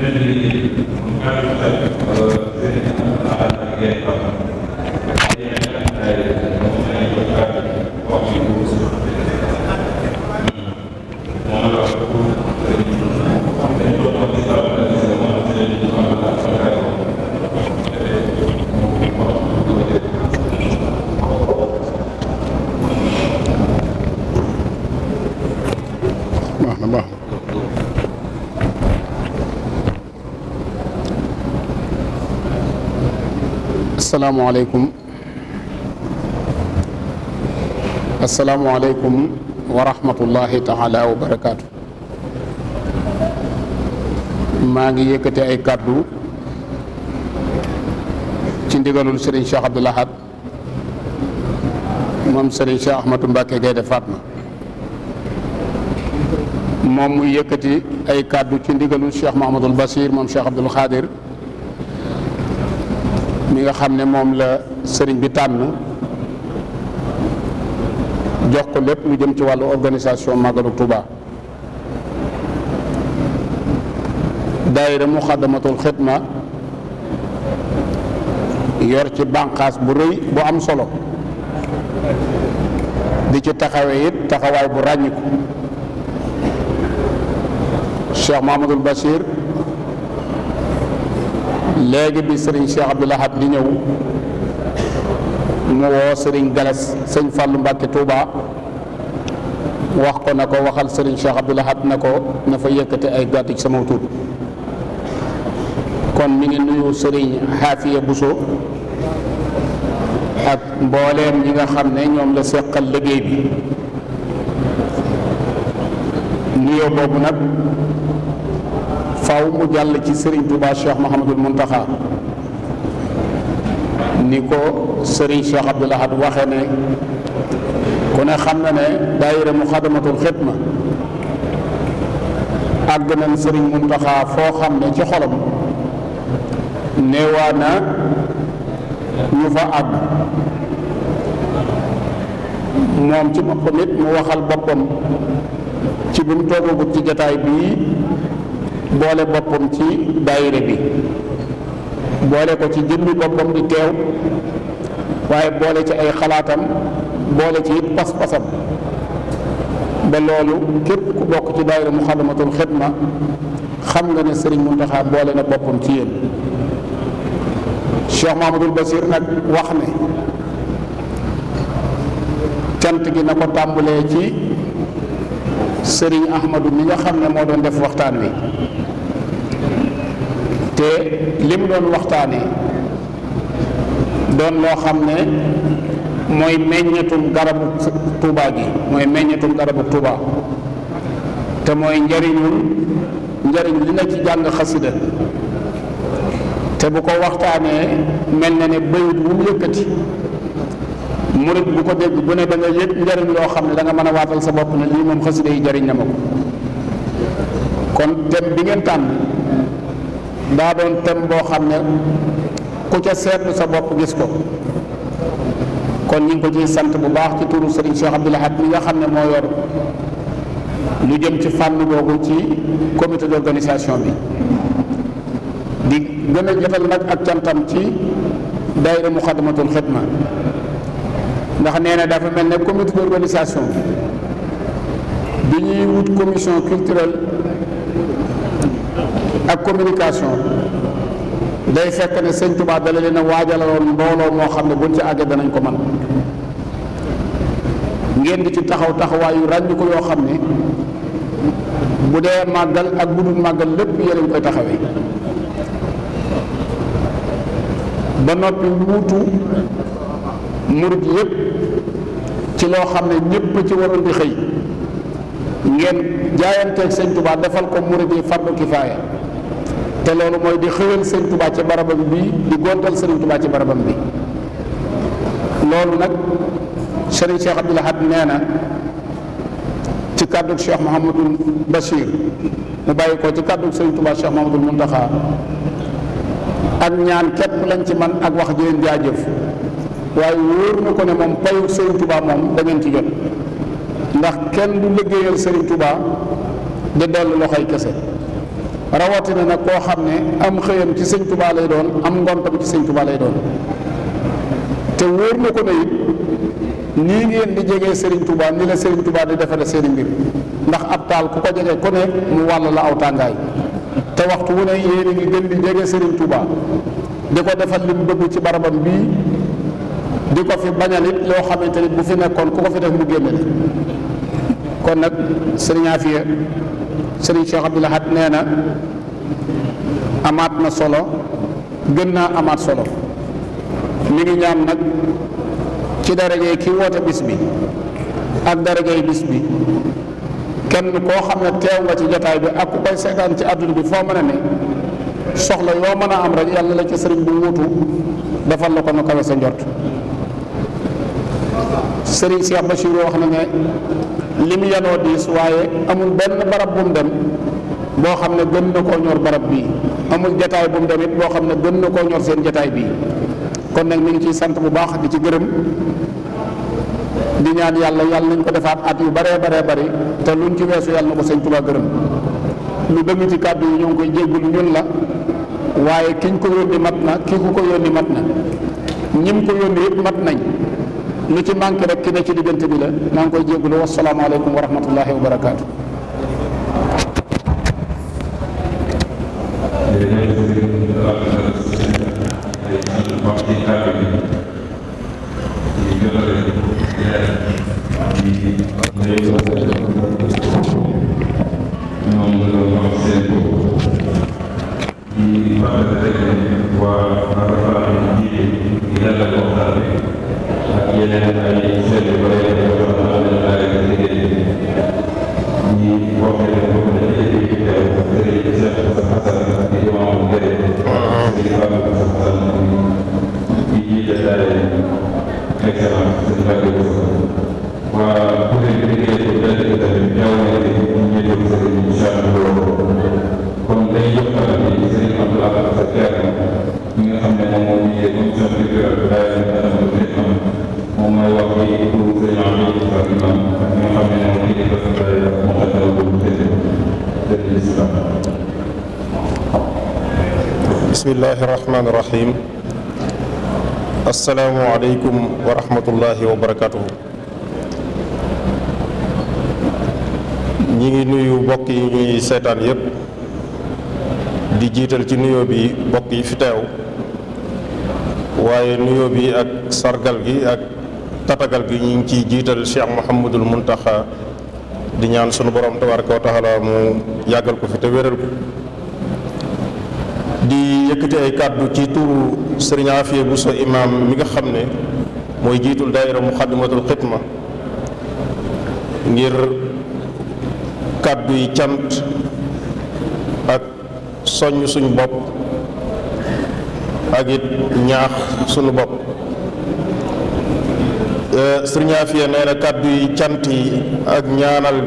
benn benn liggéey moom asalaamaaleykum asalaamaaleykum wa rahmatullahi taala wa barakaatu maa ngi yëkkati ay kàddu ci ndigalul Serigne Cheikh Abdoul Ahad moom Serigne Cheikh Ahmadou Mbacke Gaynde Fatma moom muy yëkkati ay kàddu ci ndigalul Cheikh Mahamadul Basir moom Cheikh Abdoul Khadir mi nga xam ne moom la sëriñ bi tànn jox ko lépp lu jëm ci wàllu organisation Magalu Touba daayira Muxaddamatul Xidma yor ci bànqaas bu rëy bu am solo di ci taxawee it taxawaay bu ràññiku Cheikh Mahamadul Bachir léegi bi sëriñ Cheikh Abdoul Ahad di ñëw mu woo sëriñ Galas sëñ Fàllu Mbàkke Touba wax ko na ko waxal sëriñ Cheikh Abdoul Ahad na ko na fa yëkkate ay gàtt ci sama tuut kon mi ngi nuyu sëriñ Xaafiya Buso ak mbooleem ñi nga xam ne ñoom la seqal liggéey bi nuyoo boobu nag faw mu jàll ci sëriñ Touba Cheikh Mouhamadul Mountakha ni ko sëriñ Cheikh Abdoul Ahad waxe ne ku ne xam na ne daayira Muxaddamatul Xidma àgg nañ sëriñ Mountakha foo xam ne ci xolam neewaa na ñu fa àgg moom ci boppam it mu waxal boppam ci bi mu toogagut ci jataay bii boole boppam ci daayira bi boole ko ci jëmmi boppam di teew waaye boole ci ay xalaatam boole ci it pas-pasam ba loolu képp ku bokk ci daayira muxadamatul xidma xam nga ne sëriñ Muntaxa boole na boppam ci yéen Cheikh Mahamadul Basir nag wax ne cant gi na ko tàmbalee ci sëriñ ahmadu mi nga xam ne moo doon def waxtaan wi te li mu doon waxtaane doon loo xam ne mooy meññatum garabu tuuba gi mooy meññatum garabu tuuba te mooy njariñul njariñ li na ci jàng xasida te bu ko waxtaanee mel na ne bayit wu mu yëkkati mu murit bu ko dégg bu ne da nga yëg njariñ loo xam ne danga mën a waatal sa bopp ne lii moom xasida yi jariñ na ma ko kon thème bi ngeen tànn daa doon thème boo xam ne ku ca seetlu sa bopp gis ko kon ñu ngi ko ciy sant bu baax ci turu Serigne Cheikh Abdoul Ahad mi nga xam ne moo yor lu jëm ci fànn boobu ci comité d'organisation bi di gën a jotal nag ak cantam ci daayira Muxaddamatul Xidma ndax nee na dafa mel ne comité d'organisation bi ñuy wut commission culturelle ak communication day fekk ne sëñ Touba dalaleen leen a waajaloon mbooloo moo xam ne buñ ci àggee danañ ko man ngeen di ci taxaw taxawaayu ràññ ko yoo xam ne bu dee màggal ak bu dul màggal lépp yéen koy taxawee ba noppi wuutu murit yépp ci loo xam ne ñëpp ci waroon di xëy ngeen jaayanteeg sëñ Tuubaa defal ko murid yi fardu kifaaya te loolu mooy di xëyal sëñ Tuubaa ci barabam bi di gontal sëriñ Tuubaa ci barabam bi loolu nag sëriñ Cheikh Abdoul nee na ci kàddug Cheikh Mouhamadul Bachir mu bàyyi ko ci kàddug sëriñ Tuubaa Cheikh Mouhamadul Muntaxa ak ñaan képp lañ ci man ak wax ji leen jaajëf waaye wóor na ko ne moom payu Serigne Touba moom dangeen ci jot ndax kenn du liggéeyal Serigne Touba di dellu loxoy kese rawatina nag koo xam ne am xëyam ci Serigne Touba lay doon am ngontam ci Serigne Touba lay doon te wóor na ko ne it nii ngeen di jege sëriñ Touba ni la Serigne Touba di defale seeni mbir ndax ab taal ku ko jege ku ne mu wàll la aw tàngaay te waxtu wu ne yéen a ngi gën di jege Serigne Touba di ko defal li mu ci barabam bii. di ko fi bañal it loo xamante ni bu fi nekkoon ku ko fi def mu génne la kon nag sëriñ Afia sëriñ Cheikh Abdou Lahad nee na amaat na solo gën naa amaat solo mi ngi ñaan nag ci darajee ki woote bis bi ak darajee bis bi kenn koo xam ne teew nga ci jotaay bi ak ku koy seetaan ci àdduna bi foo mën a ne soxla yoo mën a am rek yàlla la ci sëriñ bu wuutu defal la ko nu kawe sa njort Serigne Cheikh Bachir wax na ne li mu diis waaye amul benn barab bu mu dem boo xam ne gën na koo ñor barab bii amul jataay bu mu dem it boo xam ne gën na koo ñor seen jataay bii kon nag mi ngi ciy sant bu baax di ci gërëm diñaan yàlla yàlla nañ ko defaat at yu baree baree bari te luñ ci weesu yàlla na ko sëñ Tuubaa gërëm lu dëng ci kàddu yi ñoo ngi koy jéggul ñun la waaye kiñ ko yónni mat na ki ku ko yónni mat na ñim ko yónni yëpp mat nañ lu ci manqué rek ki ne ci diggante bi la maa ngi koy jégalu wasalaamaaleykum wa rahmatullahi wa barakaatu. asalaamualeykum wa rahmatullahi wa barakatuhu ñi ngi nuyu mbokk yi ñuy seetaan yépp di jiital ci nuyoo bi mbokk yi fi teew waaye nuyoo bi ak sargal gi ak tatagal gi ñu ngi ciy jiital Cheikh Mouhamadul Muntaxa di ñaan sunu borom tabaraka wa taala mu yàggal ko fi te wéral ko yëkkati ay kàddu ci turu sëriñ Afia Bousso imaam mi nga xam ne mooy jiitul daayira Muxaddamatul Xidma ngir kàddu yi cant ak soññ suñu bopp ak it ñaax suñu bopp euh, sëriñ nee na kàddu yi cant yi ak ñaanal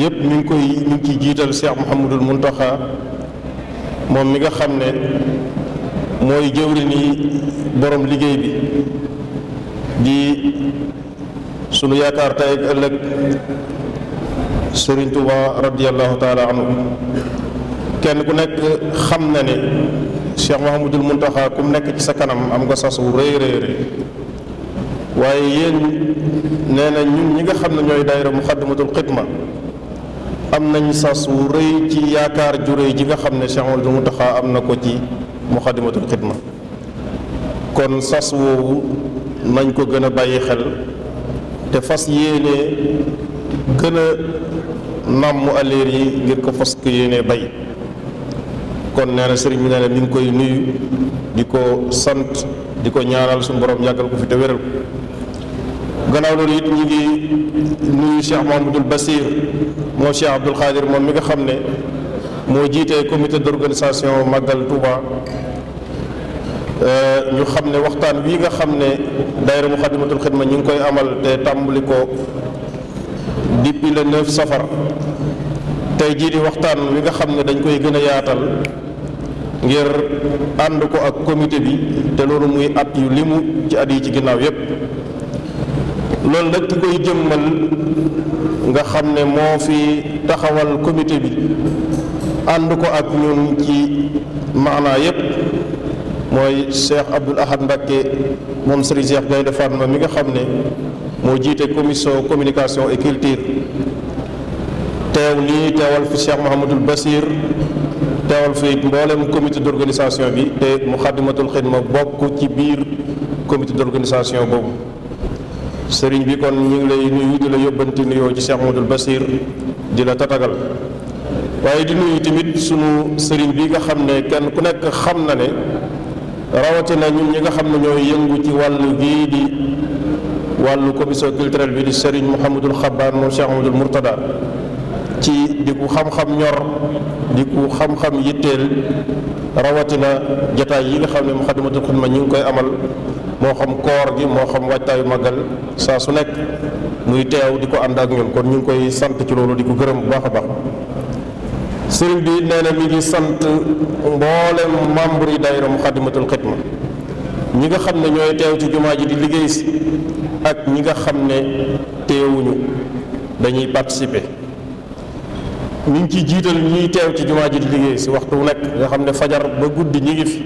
yépp ñu ngi koy mi ngi ciy jiital Cheikh Mouhamadul Muntaxa moom mi nga xam ne mooy jëwriñ nii borom liggéey bi di sunu yaakaar tey ak ëllëg Sëriñ Tuuba radiyallahu taala anhu kenn ku nekk xam na ne Cheikh Mahamadul Muntaxa ku mu nekk ci sa kanam am nga sas wu rëy rëy waaye yéen nee na ñun ñi nga xam ne ñooy daayira Muxaddamatul Xidma am nañ sas wu rëy ci yaakaar ju rëy ji nga xam ne Cheikh Mouhamadou Mountakha am na ko ci Moukhaddamatoul Khidma kon sas woowu nañ ko gën a bàyyi xel te fas yéene gën a nàmm aleer yi ngir ko fas ko yéene bay kon nee na sëriñ bi nee na mi ngi koy nuyu di ko sant di ko ñaanal suñu borom yàggal ko fi te wéral ko gannaaw loolu it ñi ngi nuyu Cheikh Mouhamadoul Basir moo Cheikh Abdoul Khadir moom mi nga xam ne moo jiitee comité d'organisation Magal Touba euh, ñu xam ne waxtaan wii nga xam ne daayira Muxaddamatul Xidma ñu ngi koy amal te tàmbali ko depuis le 9 safar tey jii di waxtaan wi nga xam ne dañ koy gën a yaatal ngir ànd ko ak comité bi te loolu muy at yu mu ci at yi ci ginnaaw yépp loolu nag ki koy jëmmal nga xam ne moo fi taxawal comité bi ànd ko ak ñun ci maanaa yépp mooy Cheikh Abdoul Ahad Mbacké moom Serigne Cheikh Gaïndé Fatma mi nga xam ne moo jiite commission communication et culture teew nii teewal fi Cheikh Mouhamadul Basir teewal fi mboolem comité d'organisation bi te Muxaddamatul Xidma bokk ci biir comité d'organisation boobu sëriñ bi kon ñu ngi lay nuyu di la yóbbanti nuyoo ci Cheikh Modou Bassir di la tatagal waaye di nuyu tamit sunu sëriñ bi nga xam ne kenn ku nekk xam na ne rawatina ñun ñi nga xam ne ñooy yëngu ci wàll gii di wàllu commission culturelle bi di sëriñ Mouhamadul Xabbaan moom Cheikh Modou Mourtada ci di ku xam-xam ñor di ku xam-xam yitteel rawatina jataay yi nga xam ne Moukhaddamatoul Khidma ñu ngi koy amal moo xam koor gi moo xam waajtaayu màggal saa su nekk muy teew di ko ànd ak ñun kon ñu ngi koy sant ci loolu di ko gërëm bu baax a baax sëriñ bi nee na mi ngi sant mboolem membre yi daayira Muxaddamatul Xidma ñi nga xam ne ñooy teew ci jumaa ji di liggéey si ak ñi nga xam ne teewuñu dañuy participer ñu ngi ciy jiital ñuy teew ci jumaa ji di liggéey si waxtu wu nekk nga xam ne fajar ba guddi ñi ngi fi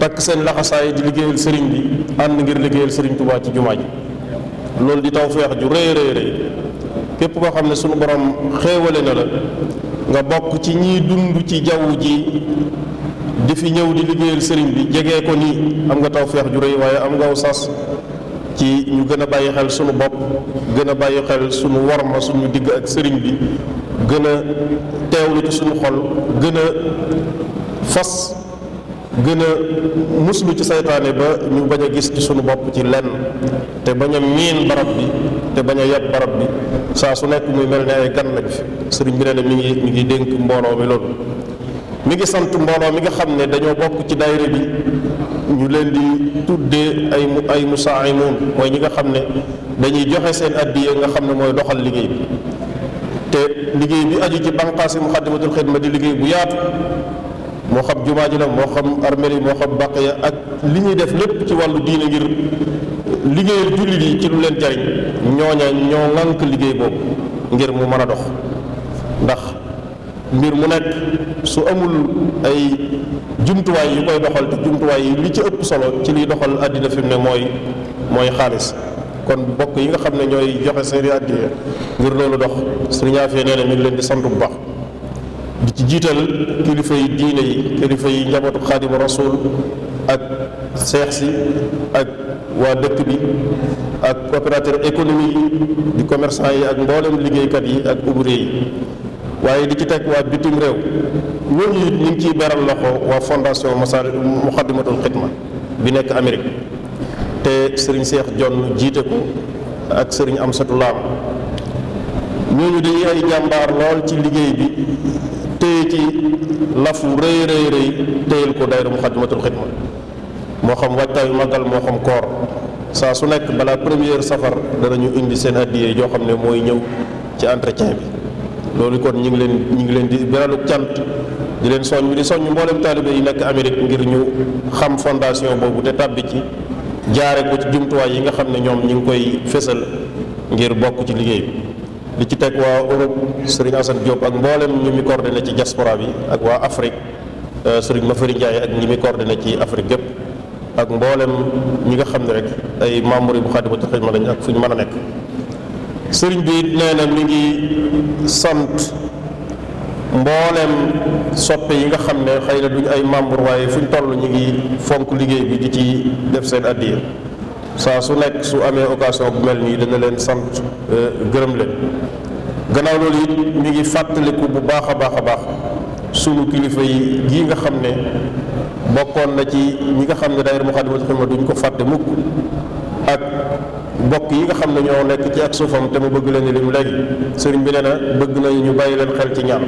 takk seen laxasaay di liggéeyal sëriñ bi ànd ngir liggéeyal sëriñ Tuubaa ci jumaa ji loolu di tawfeex ju rëy rëy képp koo xam ne sunu borom xéewale na la nga bokk ci ñiy dund ci jaww ji di fi ñëw di liggéeyal sëriñ bi jege ko nii am nga tawfeex ju rëy waaye am nga sas ci ñu gën a bàyyi xel sunu bopp gën a bàyyi xel sunu warma suñu digg ak sëriñ bi gën a teewlu ci sunu xol gën a fas gën a muslu ci saytaane ba ñu bañ a gis ci sunu bopp ci lenn te bañ a miin barab bi te bañ a yab barab bi saa su nekk muy mel ne ay gan lañ bi nee na mi ngi mi ngi dénk mbooloo mi loolu mi ngi sant mbooloo mi nga xam ne dañoo bokk ci daayira bi ñu leen di tuddee ay ay musaayimuun mooy ñi nga xam ne dañuy joxe seen addiya nga xam ne mooy doxal liggéey bi te liggéey bi aju ci banqaasi muxaddamatul xidma di liggéey bu yaatu moo xam jumaa ji la moo xam armeel yi moo xam bàq ya ak li ñuy def lépp ci wàllu diine ngir liggéeyal jullit yi ci lu leen jariñ ñooña ñoo ŋànk liggéey boobu ngir mu mën a dox ndax mbir mu nekk su amul ay jumtuwaay yi koy doxal te jumtuwaay yi li ci ëpp solo ci liy doxal àddina fim ne mooy mooy xaalis kon bokk yi nga xam ne ñooy joxe seeni àddina ngir loolu dox suñu ñaafee nee na ñu ngi leen di sant bu baax di ci jiital kilifa yi diine yi kilifa yi njabootu xaadimu rasul ak seex si ak waa dëkk bi ak opérateur économique yi di commerçant yi ak mboolem liggéeykat yi ak ouvrier yi waaye di ci teg waa bitim réew ñooñu it ñu ngi ciy beral loxo waa fondation masar muxaddamatul xidma bi nekk Amérique te sëriñ Seex Jonn jiite ko ak sëriñ Amsatu Laam ñooñu dañuy ay jàmbaar lool ci liggéey bi téye ci lafu rëy rëy rëy téyel ko daayira Muxaddamatul Xidma moo xam waajtaayu màggal moo xam koor saa su nekk balaa première safar ñu indi seen addiyee joo xam ne mooy ñëw ci entretien bi loolu kon ñu ngi leen ñu ngi leen di beralu cant di leen soññ di soññ mboolem taalibe yi nekk Amérique ngir ñu xam fondation boobu te tàbbi ci jaare ko ci jumtuwaay yi nga xam ne ñoom ñu ngi koy fésal ngir bokk ci liggéey bi li ci teg waa Europe Serigne Assane Diop ak mboolem ñi mi coordonné ci diaspora bi ak waa Afrique ma euh, Mafari Ndiaye ak ñi mi coordonné ci Afrique gépp ak mboolem ñi nga xam ne rek ay yu bu Moukhaddamatoul ma lañ ak fu ñu mën a nekk. sëriñ bi nee na mi ngi sant mboolem soppe yi nga xam ne xëy na duñ ay membre waaye fuñ toll ñu ngi fonk liggéey bi di ci def seen addiya. saa su nekk su amee occasion bu mel nii dana leen sant euh, gërëm leen gannaaw loolu yi mi ngi fàttaliku bu baax a baax a baax sumu kilifa yi gii nga xam ne bokkoon na ci ñi nga xam ne daayira Muxaddamatul duñ ko fàtte mukk ak bokk yi nga xam ne ñoo nekk ci ak suufam te mu bëgg leen lim léegi sëriñ bi nee na bëgg nañu ñu bàyyi leen xel ci ñaar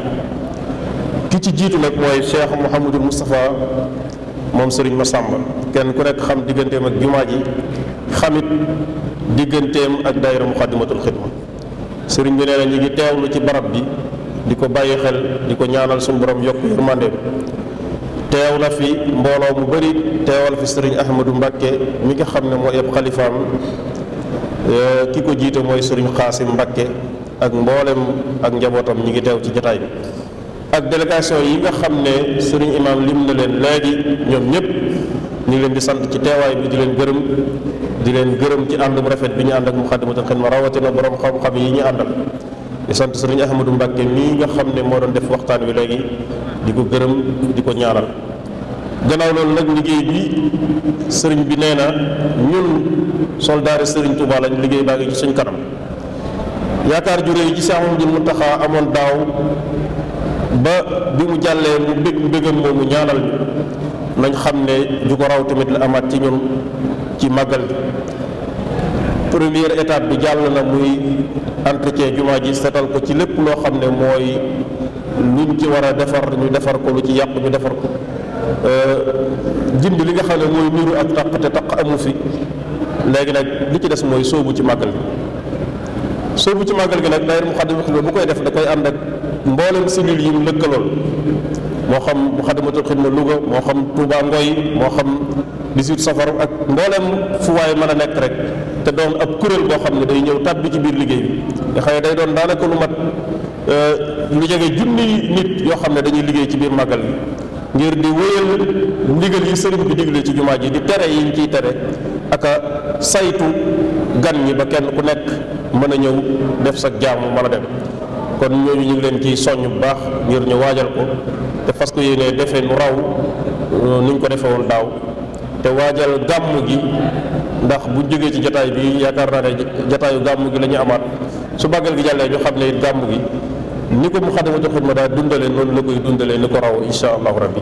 ki ci jiitu nag mooy Cheikh Mouhamadul Moustapha moom sëriñ ma Massamba kenn ku nekk xam digganteem ak jumaa ji xamit digganteem ak daayira muqaddimatul xidma sëriñ bi nee na ñu ngi teewlu ci barab bi di ko bàyyi xel di ko ñaanal suñu borom yokk yërmandeem teew na fi mbooloo mu bëri teewal fi sëriñ ahmadou mbakke mi nga xam ne mooy ab xalifaam eh, ki ko jiite mooy sëriñ xaasim mbakke ak mboolem ak njabootam ñi ngi teew ci jataay bi ak délégation yi nga xam ne sëriñ imam lim na leen léegi ñoom ñëpp ñu ngi leen di sant ci teewaay bi di leen gërëm di leen gërëm ci ànd bu rafet bi ñu ànd ak Moukhaddamatoul Khidma rawatina borom xam-xam yi ñu àndal di sant sëriñ Ahmadou Mbacke mii nga xam ne moo doon def waxtaan wi léegi di ko gërëm di ko ñaanal. gannaaw loolu nag liggéey bi sëriñ bi nee na ñun soldaari sëriñ Touba lañ liggéey baa ngi ci suñ kanam yaakaar ju réy ci Cheikh Mouhamadou Mountakha amoon daaw ba bi mu jàllee mu bég mbégam moomu ñaanal ñu. nañ xam ne ju tamit la amaat ci ñun ci màggal bi première étape bi jàll na muy entretien jumaa ji setal ko ci lépp loo xam ne mooy luñ ci war defar ñu defar ko lu ci yàq ñu defar ko euh, jindi li nga xam ne mooy niru ak taq te taq amu fi léegi nag li ci des mooy sóobu ci màggal gi sóobu ci màggal gi nag daayira Moukhaddamatoul Khidma bu koy def da koy ànd ak mboolem cellule yi mu lëkkalool moo xam Muxaddamatul Xidma Louga moo xam Touba Ngoy moo xam di 18 safar ak mboolem fu waay mën a nekk rek te doon ab kuréel boo xam ne day ñëw tàbbi ci biir liggéey bi nga day doon daanaka lu mat euh, lu jege junni nit yoo xam ne dañuy liggéey ci biir màggal bi ngir di wéyal ndigal yi sëriñ bi digle ci jumaa ji di tere yi ñu ciy tere ak saytu gan ñi ba kenn ku nekk mën a ñëw def sa jaamu mën a dem kon ñooñu ñu leen ci soññ bu baax ngir ñu waajal ko te fas ko yéene defe nu raw euh, nuñ ko defee woon daaw te waajal gàmm gi ndax bu jógee ci jataay bi yaakaar naa ne jataayu gàmm gi la ñu amaat su màggal gi jàllee ñu xam ne it gàmm gi ni ko Moukhaddamatoul ma daal dundalee noonu la koy dundalee ni ko raw insha allahu rabbi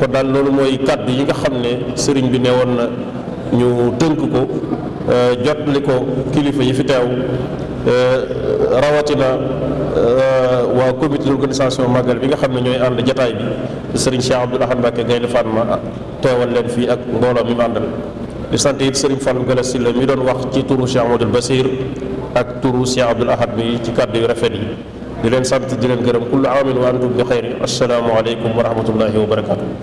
kon daal loolu mooy kàddu yi nga xam ne sëriñ bi ne woon na ñu tënk ko euh, jot li ko kilifa yi fi teew euh, rawatina Euh, waa comité d'organisation màggal bi nga xam ne ñooy ànd jataay bi sëriñ Cheikh Abdoul Ahad Mbacké Gaynde Fatma teewal leen fii ak mbooloo mi mu àndal di sant it sëriñ Fallou Galass Sylla mi doon wax ci turu Cheikh Modou Bassir ak turu Cheikh Abdoul Ahad bi ci kàddu yi rafet yi di leen sant di leen gërëm kullu aamin wa antum bi xayri assalaamu aleykum wa rahmatullahi wa barakaatu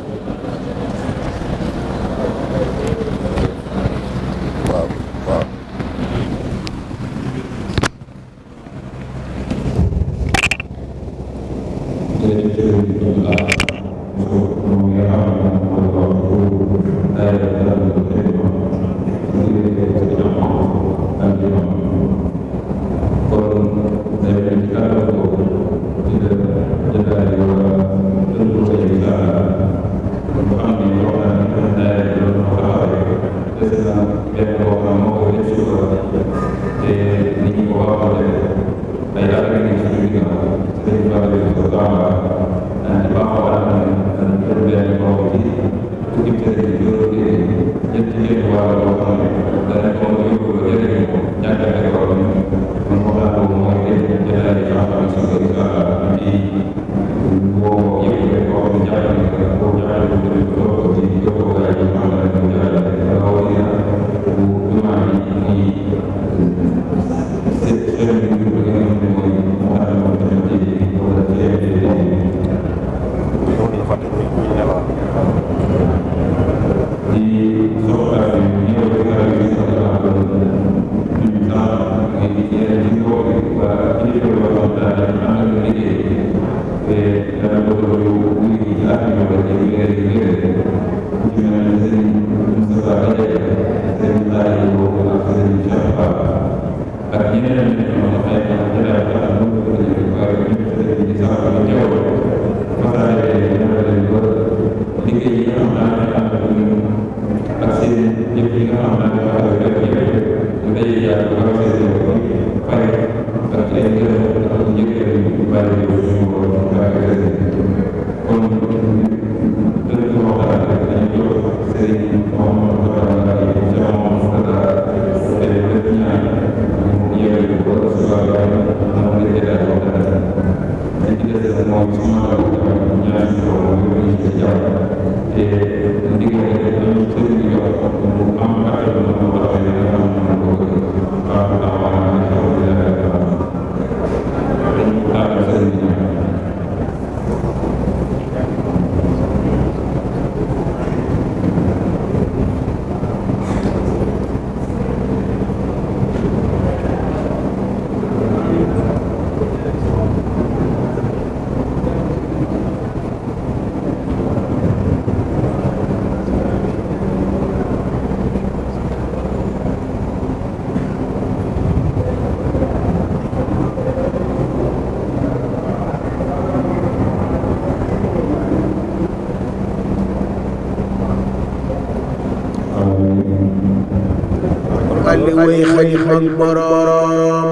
way xarit mag boroom